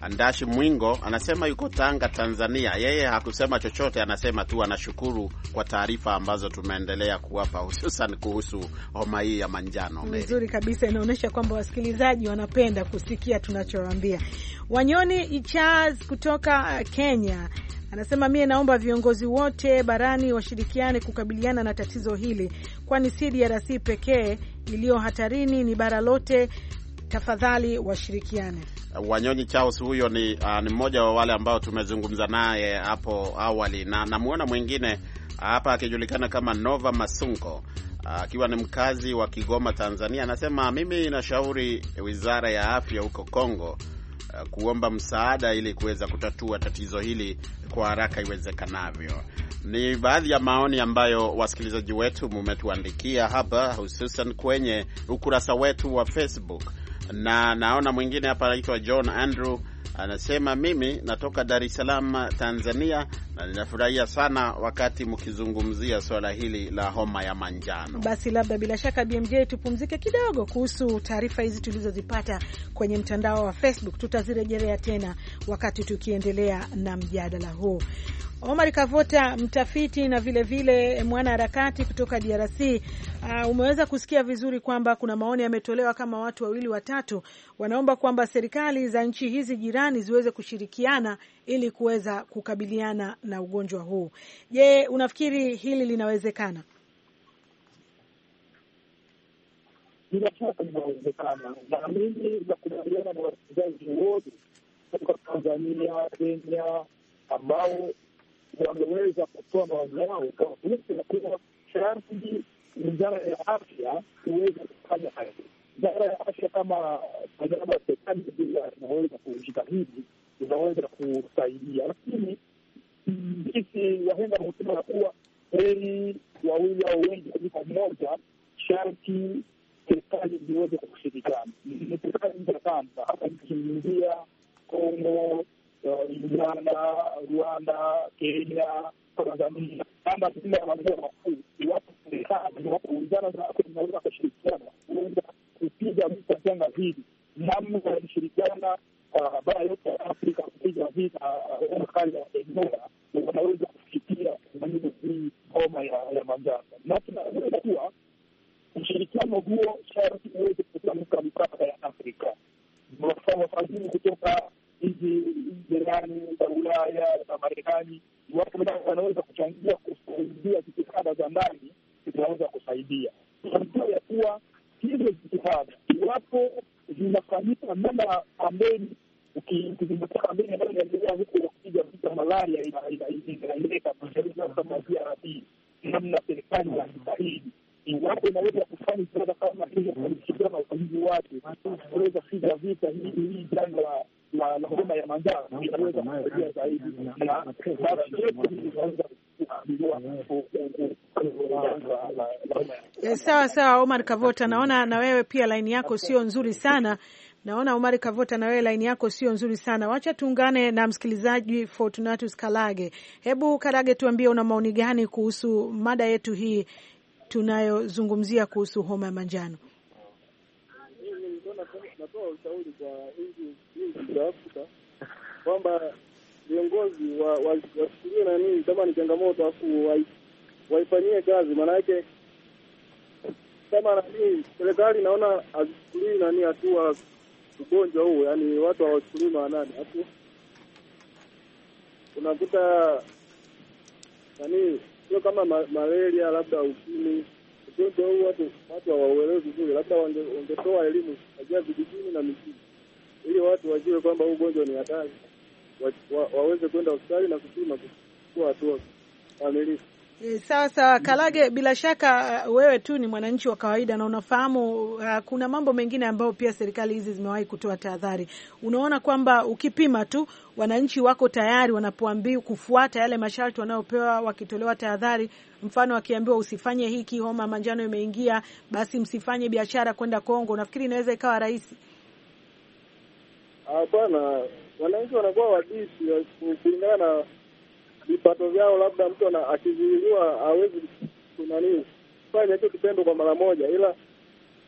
Andashi Mwingo anasema yuko Tanga, Tanzania. Yeye hakusema chochote, anasema tu anashukuru kwa taarifa ambazo tumeendelea kuwapa, hususan kuhusu homa hii ya manjano. Vizuri kabisa, inaonyesha kwamba wasikilizaji wanapenda kusikia tunachowaambia. Wanyoni Ichaz kutoka uh, Kenya anasema mie naomba viongozi wote barani washirikiane kukabiliana na tatizo hili, kwani si pekee iliyo hatarini, ni bara lote tafadhali washirikiane. Wanyonyi Charles huyo ni, uh, ni mmoja wa wale ambao tumezungumza naye hapo awali, na namwona mwingine hapa akijulikana kama Nova Masunko akiwa ni mkazi wa Kigoma, Tanzania. Anasema mimi nashauri wizara ya afya huko Kongo ah, kuomba msaada ili kuweza kutatua tatizo hili kwa haraka iwezekanavyo. Ni baadhi ya maoni ambayo wasikilizaji wetu mumetuandikia hapa, hususan kwenye ukurasa wetu wa Facebook. Na naona mwingine hapa anaitwa John Andrew anasema, mimi natoka Dar es Salaam, Tanzania, na ninafurahia sana wakati mkizungumzia swala hili la homa ya manjano. Basi labda bila shaka, BMJ, tupumzike kidogo kuhusu taarifa hizi tulizozipata kwenye mtandao wa Facebook. Tutazirejelea tena wakati tukiendelea na mjadala huu. Omar Kavota, mtafiti na vilevile mwanaharakati kutoka DRC, uh, ah, umeweza kusikia vizuri kwamba kuna maoni yametolewa kama watu wawili watatu wanaomba kwamba serikali za nchi hizi jirani ziweze kushirikiana ili kuweza kukabiliana na ugonjwa huu. Je, unafikiri hili linawezekana? Bila shaka linawezekana. na wote kutoka Tanzania, Kenya ambao wameweza kutoa mawazo yao kuwa sharti wizara ya afya iweze kufanya hayo. Wizara ya afya kama wizara serikali vile inaweza kujitahidi, inaweza kusaidia, lakini sisi wahenga kusema ya kuwa heri wawili au wengi kuliko mmoja, sharti serikali ziweze kushirikana. Ni serikali za kamba hapa nikiingia Kongo Uganda, Rwanda, Kenya, Tanzania, kama vile ya maziwa makuu. Iwapo serikali, iwapo wizara zake zinaweza kushirikiana kuweza kupiga vita janga hili, namna ya kushirikiana uh, bara yote ya Afrika kupiga vita makali uh, ya Ebola, wanaweza kufikia kumaliza hii homa ya manjano, na tunaweza kuwa ushirikiano huo sharti uweze kutamka mipaka ya Afrika, wafadhili kutoka nchi jirani za Ulaya za Marekani, iwapo wanaweza kuchangia kusaidia jitihada za ndani, zinaweza kusaidia kujua ya kuwa hizo jitihada iwapo zinafanyika namna ambeni ukizingatia kampeni ambayo inaendelea huku ya kupiga vita malaria inaeleka mashariki kama DRC, namna serikali ya jitahidi iwapo inaweza kufanya jitihada kama hizo, kama ufanyizi wake kuweza kupiga vita hii janga la la ya manjano inaweza kusaidia zaidi na Sawa sawa, Omar Kavota, naona na wewe pia laini yako sio nzuri sana. Naona Omar Kavota, na wewe laini yako sio nzuri sana. Wacha tuungane na msikilizaji Fortunatus Kalage. Hebu Kalage, tuambie una maoni gani kuhusu mada yetu hii tunayozungumzia kuhusu homa ya manjano? kutoa ushauri kwa nchi nyingi za Afrika kwamba viongozi washikilie wa, wa nanii kama ni changamoto afu wa, waifanyie kazi, yake kama nanii serikali naona hazichukulii nani hatua ugonjwa huu, yani watu hawachukulii maanani, afu unakuta nanii sio kama ma, malaria labda ukimwi Ujumbe huu watu watu hawauelewi vizuri, labda wangetoa elimu ajia vijijini na mijini, ili watu wajue kwamba huu ugonjwa ni hatari, waweze kwenda hospitali na kupima kuchukua hatua kamilifu. Sawa sawa, Kalage, bila shaka uh, wewe tu ni mwananchi wa kawaida na unafahamu uh, kuna mambo mengine ambayo pia serikali hizi zimewahi kutoa tahadhari. Unaona kwamba ukipima tu wananchi wako tayari wanapoambiwa kufuata yale masharti wanayopewa, wakitolewa tahadhari, mfano wakiambiwa usifanye hiki, homa manjano imeingia, basi msifanye biashara kwenda Kongo. Nafikiri inaweza ikawa rahisi. Hapana, wananchi wanakuwa wadisi kulingana vipato vyao, labda mtu akizuiliwa hawezi kunanii fanya hicho kitendo kwa mara moja, ila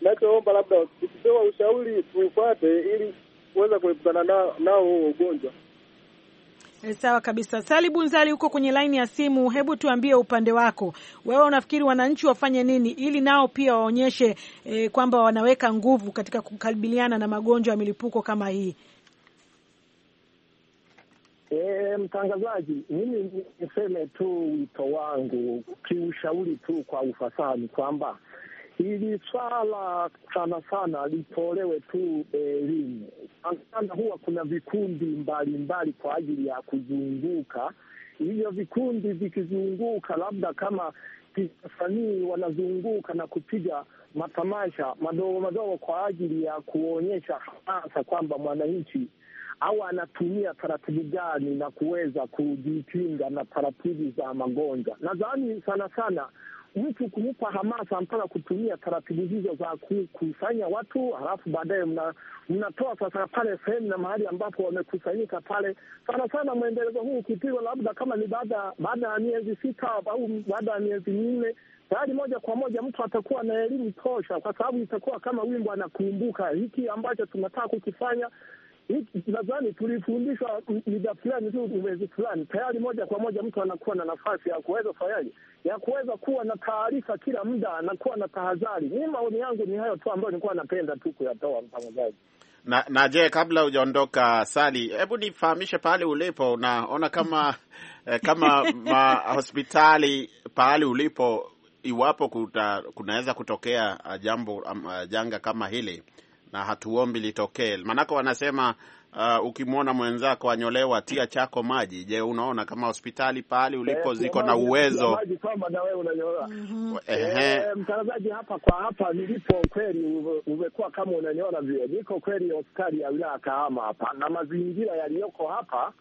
nachoomba labda tukipewa ushauri tuufuate ili kuweza kuepukana nao huo ugonjwa. Eh, sawa kabisa. Sali Bunzali huko kwenye laini ya simu, hebu tuambie upande wako wewe, unafikiri wananchi wafanye nini ili nao pia waonyeshe eh, kwamba wanaweka nguvu katika kukabiliana na magonjwa ya milipuko kama hii? E, mtangazaji, mimi niseme tu wito wangu kiushauri tu kwa ufasaha ni kwamba hili swala sana sana litolewe tu elimu. sana sana huwa kuna vikundi mbalimbali mbali kwa ajili ya kuzunguka. Hivyo vikundi vikizunguka, labda kama kisanii wanazunguka na kupiga matamasha madogo madogo kwa ajili ya kuonyesha hasa kwamba mwananchi au anatumia taratibu gani na kuweza kujikinga na taratibu za magonjwa. Nadhani sana sana mtu kumpa hamasa mpaka kutumia taratibu hizo za kukusanya watu, halafu baadaye mna, mnatoa sasa pale sehemu na mahali ambapo wamekusanyika pale. Sana sana mwendelezo huu ukipigwa labda kama ni baada ya miezi sita au baada ya miezi minne tayari moja kwa moja mtu atakuwa na elimu tosha, kwa sababu itakuwa kama wimbo, anakumbuka hiki ambacho tunataka kukifanya nadhani tulifundishwa mida fulani tu mwezi fulani tayari, moja kwa moja mtu anakuwa na nafasi ya kuweza fanyaje, ya kuweza kuwa na taarifa kila muda, anakuwa na tahadhari. Mi maoni yangu ni hayo tu ambayo nilikuwa napenda tu kuyatoa mtangazaji. Na, na je, kabla hujaondoka Sali, hebu nifahamishe pahali ulipo, unaona kama eh, kama mahospitali pahali ulipo, iwapo kunaweza kutokea ah, jambo janga kama hili na hatuombi litokee, maanake wanasema uh, ukimwona mwenzako anyolewa tia chako maji. Je, unaona kama hospitali pahali ulipo eh, ziko na uwezo mtangazaji? Mm-hmm. Eh, hapa kwa hapa nilipo kweli umekuwa kama unanyola vile, niko kweli hospitali ya wilaya Kahama hapa na mazingira yaliyoko hapa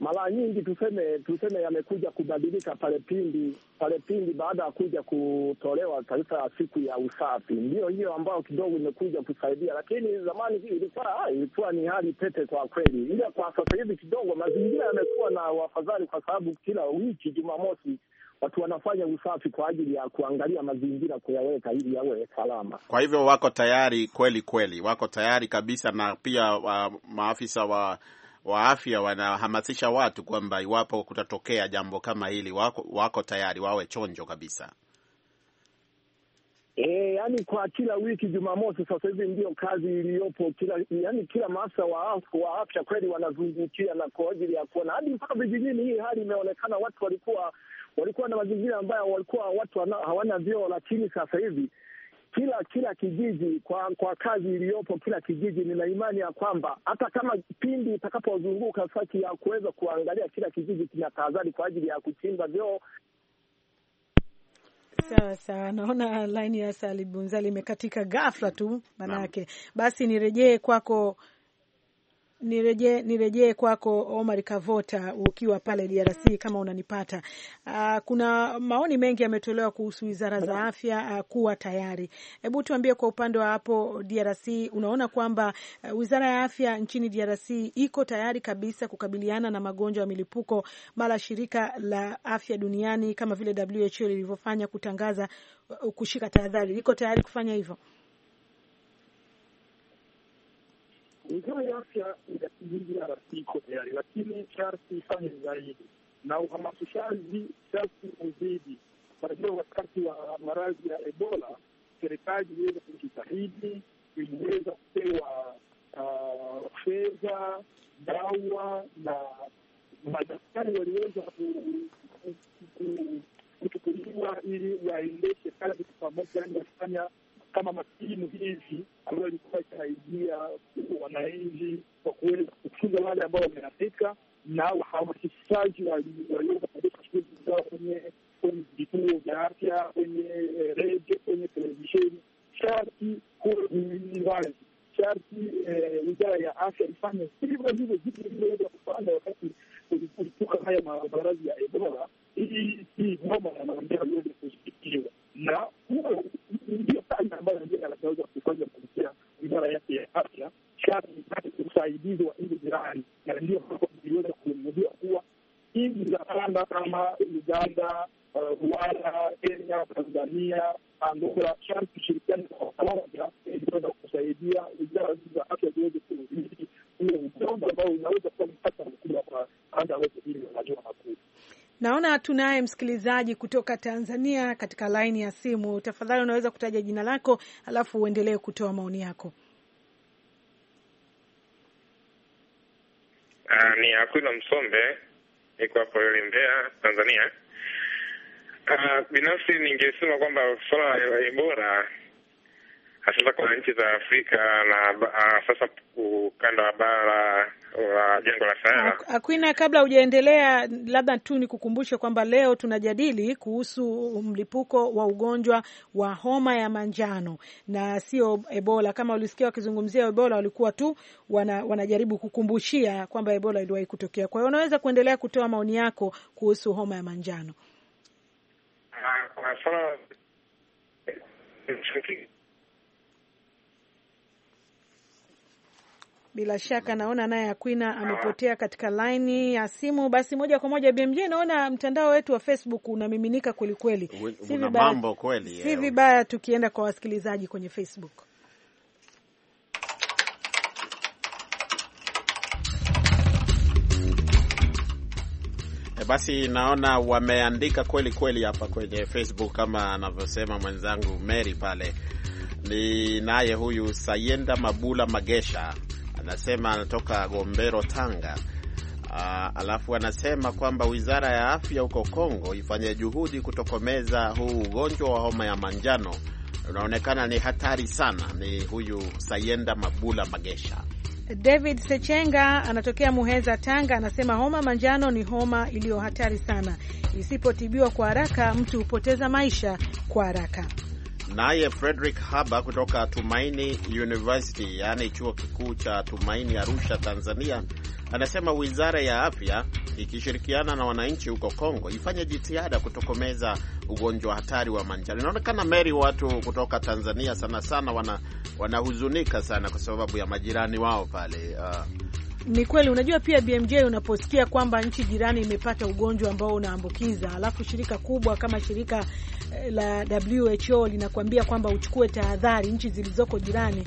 mara nyingi tuseme tuseme yamekuja kubadilika pale pindi pale pindi baada ya kuja kutolewa taarifa ya siku ya usafi, ndiyo hiyo ambayo kidogo imekuja kusaidia, lakini zamani ilikuwa ah, ilikuwa ni hali tete kwa kweli, ila kwa sasa hivi kidogo mazingira yamekuwa na wafadhali, kwa sababu kila wiki Jumamosi watu wanafanya usafi kwa ajili ya kuangalia mazingira kuyaweka ili yawe salama. Kwa hivyo wako tayari kweli kweli, wako tayari kabisa, na pia wa, ah, maafisa wa wa afya wanahamasisha watu kwamba iwapo kutatokea jambo kama hili, wako, wako tayari wawe chonjo kabisa. E, yani kwa kila wiki Jumamosi sasa hivi ndiyo kazi iliyopo kila, yani kila maafisa wa, wa afya kweli wanazungukia na kwa ajili ya kuona hadi mpaka vijijini. Hii hali imeonekana watu walikuwa walikuwa na mazingira ambayo walikuwa watu hawana vyoo, lakini sasa hivi kila kila kijiji kwa kwa kazi iliyopo kila kijiji, nina imani ya kwamba hata kama pindi itakapozunguka saki ya kuweza kuangalia kila kijiji kina tahadhari kwa ajili ya kuchimba vyoo. Sawa sawa, naona laini ya Salibunzali imekatika ghafla tu, maanayake basi nirejee kwako nirejee kwako Omar Kavota, ukiwa pale DRC kama unanipata. Uh, kuna maoni mengi yametolewa kuhusu wizara za afya uh, kuwa tayari. Hebu tuambie kwa upande wa hapo DRC, unaona kwamba uh, wizara ya afya nchini DRC iko tayari kabisa kukabiliana na magonjwa ya milipuko mara shirika la afya duniani kama vile WHO lilivyofanya kutangaza uh, kushika tahadhari, iko tayari kufanya hivyo? Wizara ya Afya inakizingila rasiko tayari, lakini sharti ifanye zaidi na uhamasishaji sharti uzidi. hiyo wakati wa maradhi ya Ebola serikali iliweza kujitahidi, iliweza kupewa ah, fedha, dawa na madaktari waliweza kuchukuliwa ili waendeshe kazi pamoja, yani wafanya kama maskimu hivi ambayo ilikuwa itasaidia wananchi kwa kuweza kufunza wale ambao wameathirika na wahamasishaji walioweza shughuli zao kwenye vituo vya afya, kwenye eh, redio, kwenye televisheni. Sharti kuwe ni wazi, sharti eh, wizara ya afya ifanye hivyo hivyo vitu vilivyoweza kufanya wakati kulipuka haya mabarazi ya Ebola. ili si homa ya mazingira iweze kushikiliwa na Naona tunaye msikilizaji kutoka Tanzania katika laini ya simu. Tafadhali unaweza kutaja jina lako alafu uendelee kutoa maoni yako. Uh, ni Akwila Msombe, niko hapo Lele, Mbeya, Tanzania. Uh, binafsi ningesema kwamba swala la Ebola hasa kwa nchi za Afrika na ah, sasa ukanda wa bara wa jengo la Sahara. Akwina, kabla hujaendelea, labda tu nikukumbushe kwamba leo tunajadili kuhusu mlipuko wa ugonjwa wa homa ya manjano na sio Ebola. Kama ulisikia wakizungumzia Ebola, walikuwa tu wana, wanajaribu kukumbushia kwamba Ebola iliwahi kutokea. Kwa hiyo unaweza kuendelea kutoa maoni yako kuhusu homa ya manjano. Ah, Bila shaka naona naye Akwina amepotea katika laini ya simu. Basi moja kwa moja BMJ, naona mtandao wetu wa Facebook unamiminika kwelikweli, si vibaya kweli, eh. tukienda kwa wasikilizaji kwenye Facebook. Eh, basi naona wameandika kweli kweli hapa kwenye Facebook, kama anavyosema mwenzangu Mary pale. Ni naye huyu Sayenda Mabula Magesha anasema anatoka Gombero, Tanga. Uh, alafu anasema kwamba wizara ya afya huko Kongo ifanye juhudi kutokomeza huu ugonjwa wa homa ya manjano, unaonekana ni hatari sana. Ni huyu Sayenda Mabula Magesha. David Sechenga anatokea Muheza, Tanga, anasema homa manjano ni homa iliyo hatari sana, isipotibiwa kwa haraka mtu hupoteza maisha kwa haraka. Naye Frederick Haba kutoka Tumaini University, yaani chuo kikuu cha Tumaini Arusha, Tanzania, anasema wizara ya afya ikishirikiana na wananchi huko Kongo ifanye jitihada kutokomeza ugonjwa hatari wa manjano. Inaonekana Meri, watu kutoka Tanzania sana sana wana, wanahuzunika sana kwa sababu ya majirani wao pale uh, ni kweli. Unajua pia BMJ, unaposikia kwamba nchi jirani imepata ugonjwa ambao unaambukiza, alafu shirika kubwa kama shirika la WHO linakuambia kwamba uchukue tahadhari nchi zilizoko jirani,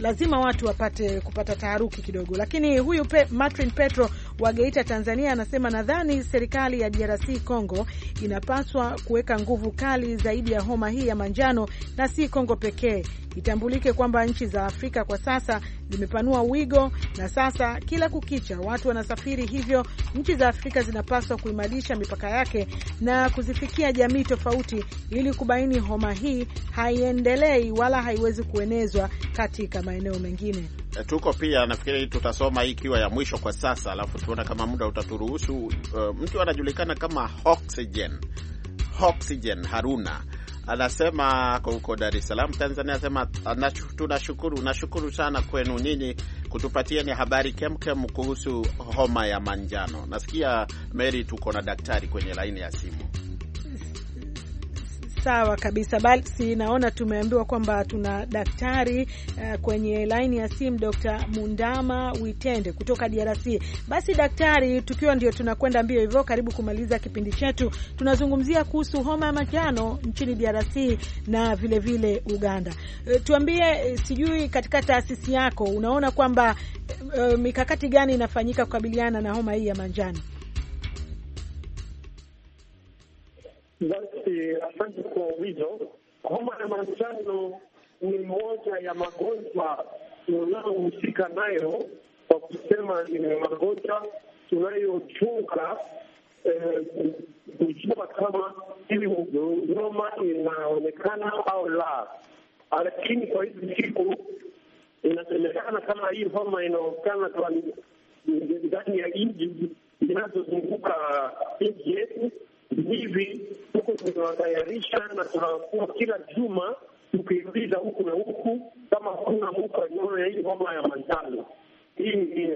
lazima watu wapate kupata taharuki kidogo. Lakini huyu pe, Martin Petro wa Geita, Tanzania, anasema nadhani serikali ya DRC Congo inapaswa kuweka nguvu kali zaidi ya homa hii ya manjano, na si Kongo pekee. Itambulike kwamba nchi za Afrika kwa sasa zimepanua wigo, na sasa kila kukicha watu wanasafiri, hivyo nchi za Afrika zinapaswa kuimarisha mipaka yake na kuzifikia jamii tofauti ili kubaini homa hii haiendelei wala haiwezi kuenezwa katika maeneo mengine. Eh, tuko pia nafikiri tutasoma hii ikiwa ya mwisho kwa sasa, alafu tuona kama muda utaturuhusu. Uh, mtu anajulikana kama Oxygen. Oxygen Haruna anasema ko huko Dar es Salaam, Tanzania, anasema tunashukuru, nashukuru sana kwenu nyinyi kutupatia ni habari kemkem kuhusu homa ya manjano. Nasikia Mary, tuko na daktari kwenye laini ya simu. Sawa kabisa, basi naona tumeambiwa kwamba tuna daktari uh, kwenye laini ya simu Dr. Mundama Witende kutoka DRC. Basi daktari, tukiwa ndio tunakwenda mbio hivyo, karibu kumaliza kipindi chetu, tunazungumzia kuhusu homa ya manjano nchini DRC na vile vile Uganda. Uh, tuambie, eh, sijui katika taasisi yako unaona kwamba uh, mikakati gani inafanyika kukabiliana na homa hii ya manjano? Basi asante kwa wizo. Homa ya manjano ni moja ya magonjwa tunayohusika nayo, kwa kusema ni magonjwa tunayochunga eh, kujua kama hili homa inaonekana au la, lakini kwa hizi siku inasemekana kama hii homa inaonekana ndani ya nji zinazozunguka nji yetu hivi huku tunawatayarisha na tunawakua kila juma tukiuliza huku na huku, kama hakuna mtu aliona hii homa ya manjano. Hii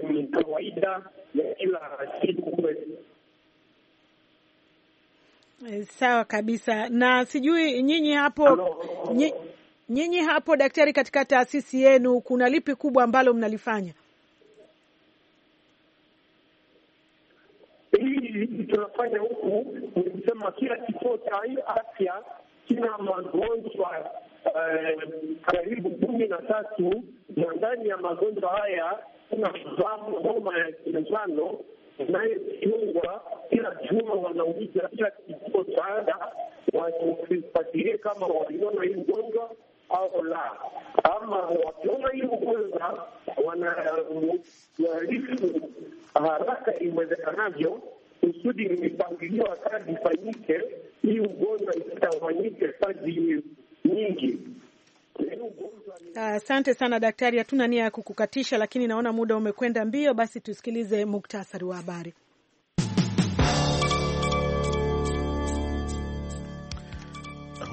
ni kawaida ya kila siku kwetu. Eh, sawa kabisa. Na sijui nyinyi hapo nyinyi hapo, daktari, katika taasisi yenu kuna lipi kubwa ambalo mnalifanya? tunafanya huku ni kusema kila kituo cha afya kina magonjwa eh, karibu kumi na tatu na ndani ya magonjwa haya kuna homa ya kinjano inayochungwa kila juma, wanauliza kila kituo cha ada wakifatilie kama waliona hii ugonjwa au la. Ama wakiona hii ugonjwa wanaarifu haraka iwezekanavyo kusudi mipangilio kadi ifanyike, hii ugonjwa isitafanyike kazi nyingi. Asante uh, sana daktari. Hatuna nia ya kukukatisha, lakini naona muda umekwenda mbio. Basi tusikilize muktasari wa habari.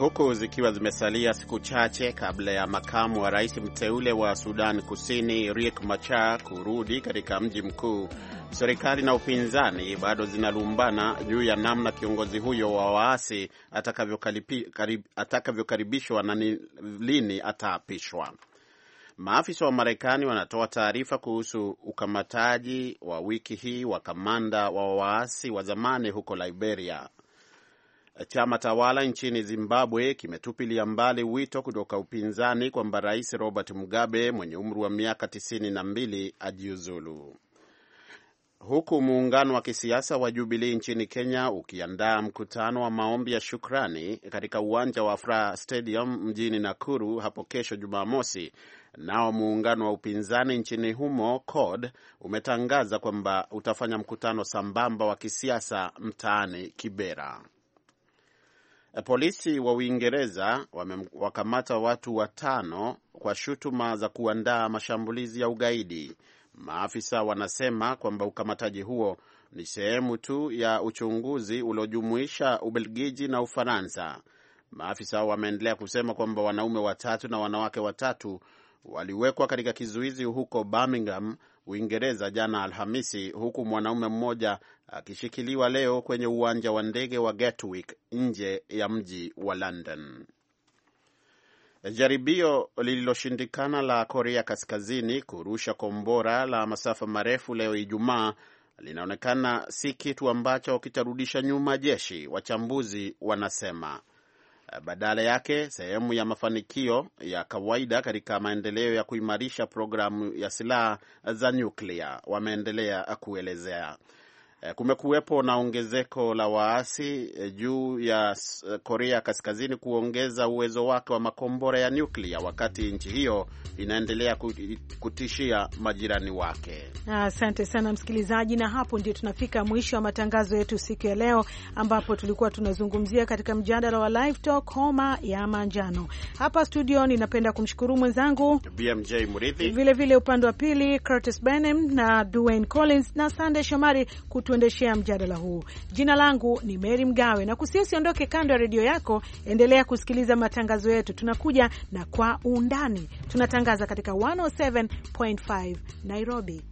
huku zikiwa zimesalia siku chache kabla ya makamu wa rais mteule wa Sudan Kusini Riek Machar kurudi katika mji mkuu, serikali na upinzani bado zinalumbana juu ya namna kiongozi huyo wa waasi atakavyokaribishwa na ni lini ataapishwa. Maafisa wa Marekani wanatoa taarifa kuhusu ukamataji wa wiki hii wa kamanda wa waasi wa zamani huko Liberia. Chama tawala nchini Zimbabwe kimetupilia mbali wito kutoka upinzani kwamba Rais Robert Mugabe mwenye umri wa miaka tisini na mbili ajiuzulu, huku muungano wa kisiasa wa Jubilii nchini Kenya ukiandaa mkutano wa maombi ya shukrani katika uwanja wa Afraha Stadium mjini Nakuru hapo kesho Jumamosi. Nao muungano wa upinzani nchini humo CORD umetangaza kwamba utafanya mkutano sambamba wa kisiasa mtaani Kibera. Eh, polisi wa Uingereza wamewakamata watu watano kwa shutuma za kuandaa mashambulizi ya ugaidi. Maafisa wanasema kwamba ukamataji huo ni sehemu tu ya uchunguzi uliojumuisha Ubelgiji na Ufaransa. Maafisa hao wameendelea kusema kwamba wanaume watatu na wanawake watatu waliwekwa katika kizuizi huko Birmingham Uingereza jana Alhamisi, huku mwanaume mmoja akishikiliwa leo kwenye uwanja wa ndege wa Gatwick nje ya mji wa London. Jaribio lililoshindikana la Korea Kaskazini kurusha kombora la masafa marefu leo Ijumaa linaonekana si kitu ambacho kitarudisha nyuma jeshi, wachambuzi wanasema. Badala yake, sehemu ya mafanikio ya kawaida katika maendeleo ya kuimarisha programu ya silaha za nyuklia, wameendelea kuelezea. Eh, kumekuwepo na ongezeko la waasi eh, juu ya eh, Korea Kaskazini kuongeza uwezo wake wa makombora ya nyuklia wakati nchi hiyo inaendelea kutishia majirani wake. Asante sana msikilizaji, na hapo ndio tunafika mwisho wa matangazo yetu siku ya leo, ambapo tulikuwa tunazungumzia katika mjadala wa Live Talk homa ya manjano. Hapa studio ninapenda kumshukuru mwenzangu BMJ Murithi, vilevile upande wa pili Curtis Benem na Dwayne Collins na Sande Shomari kutu kutuendeshea mjadala huu. Jina langu ni Meri Mgawe na kusia, usiondoke kando ya redio yako, endelea kusikiliza matangazo yetu. Tunakuja na kwa undani, tunatangaza katika 107.5 Nairobi.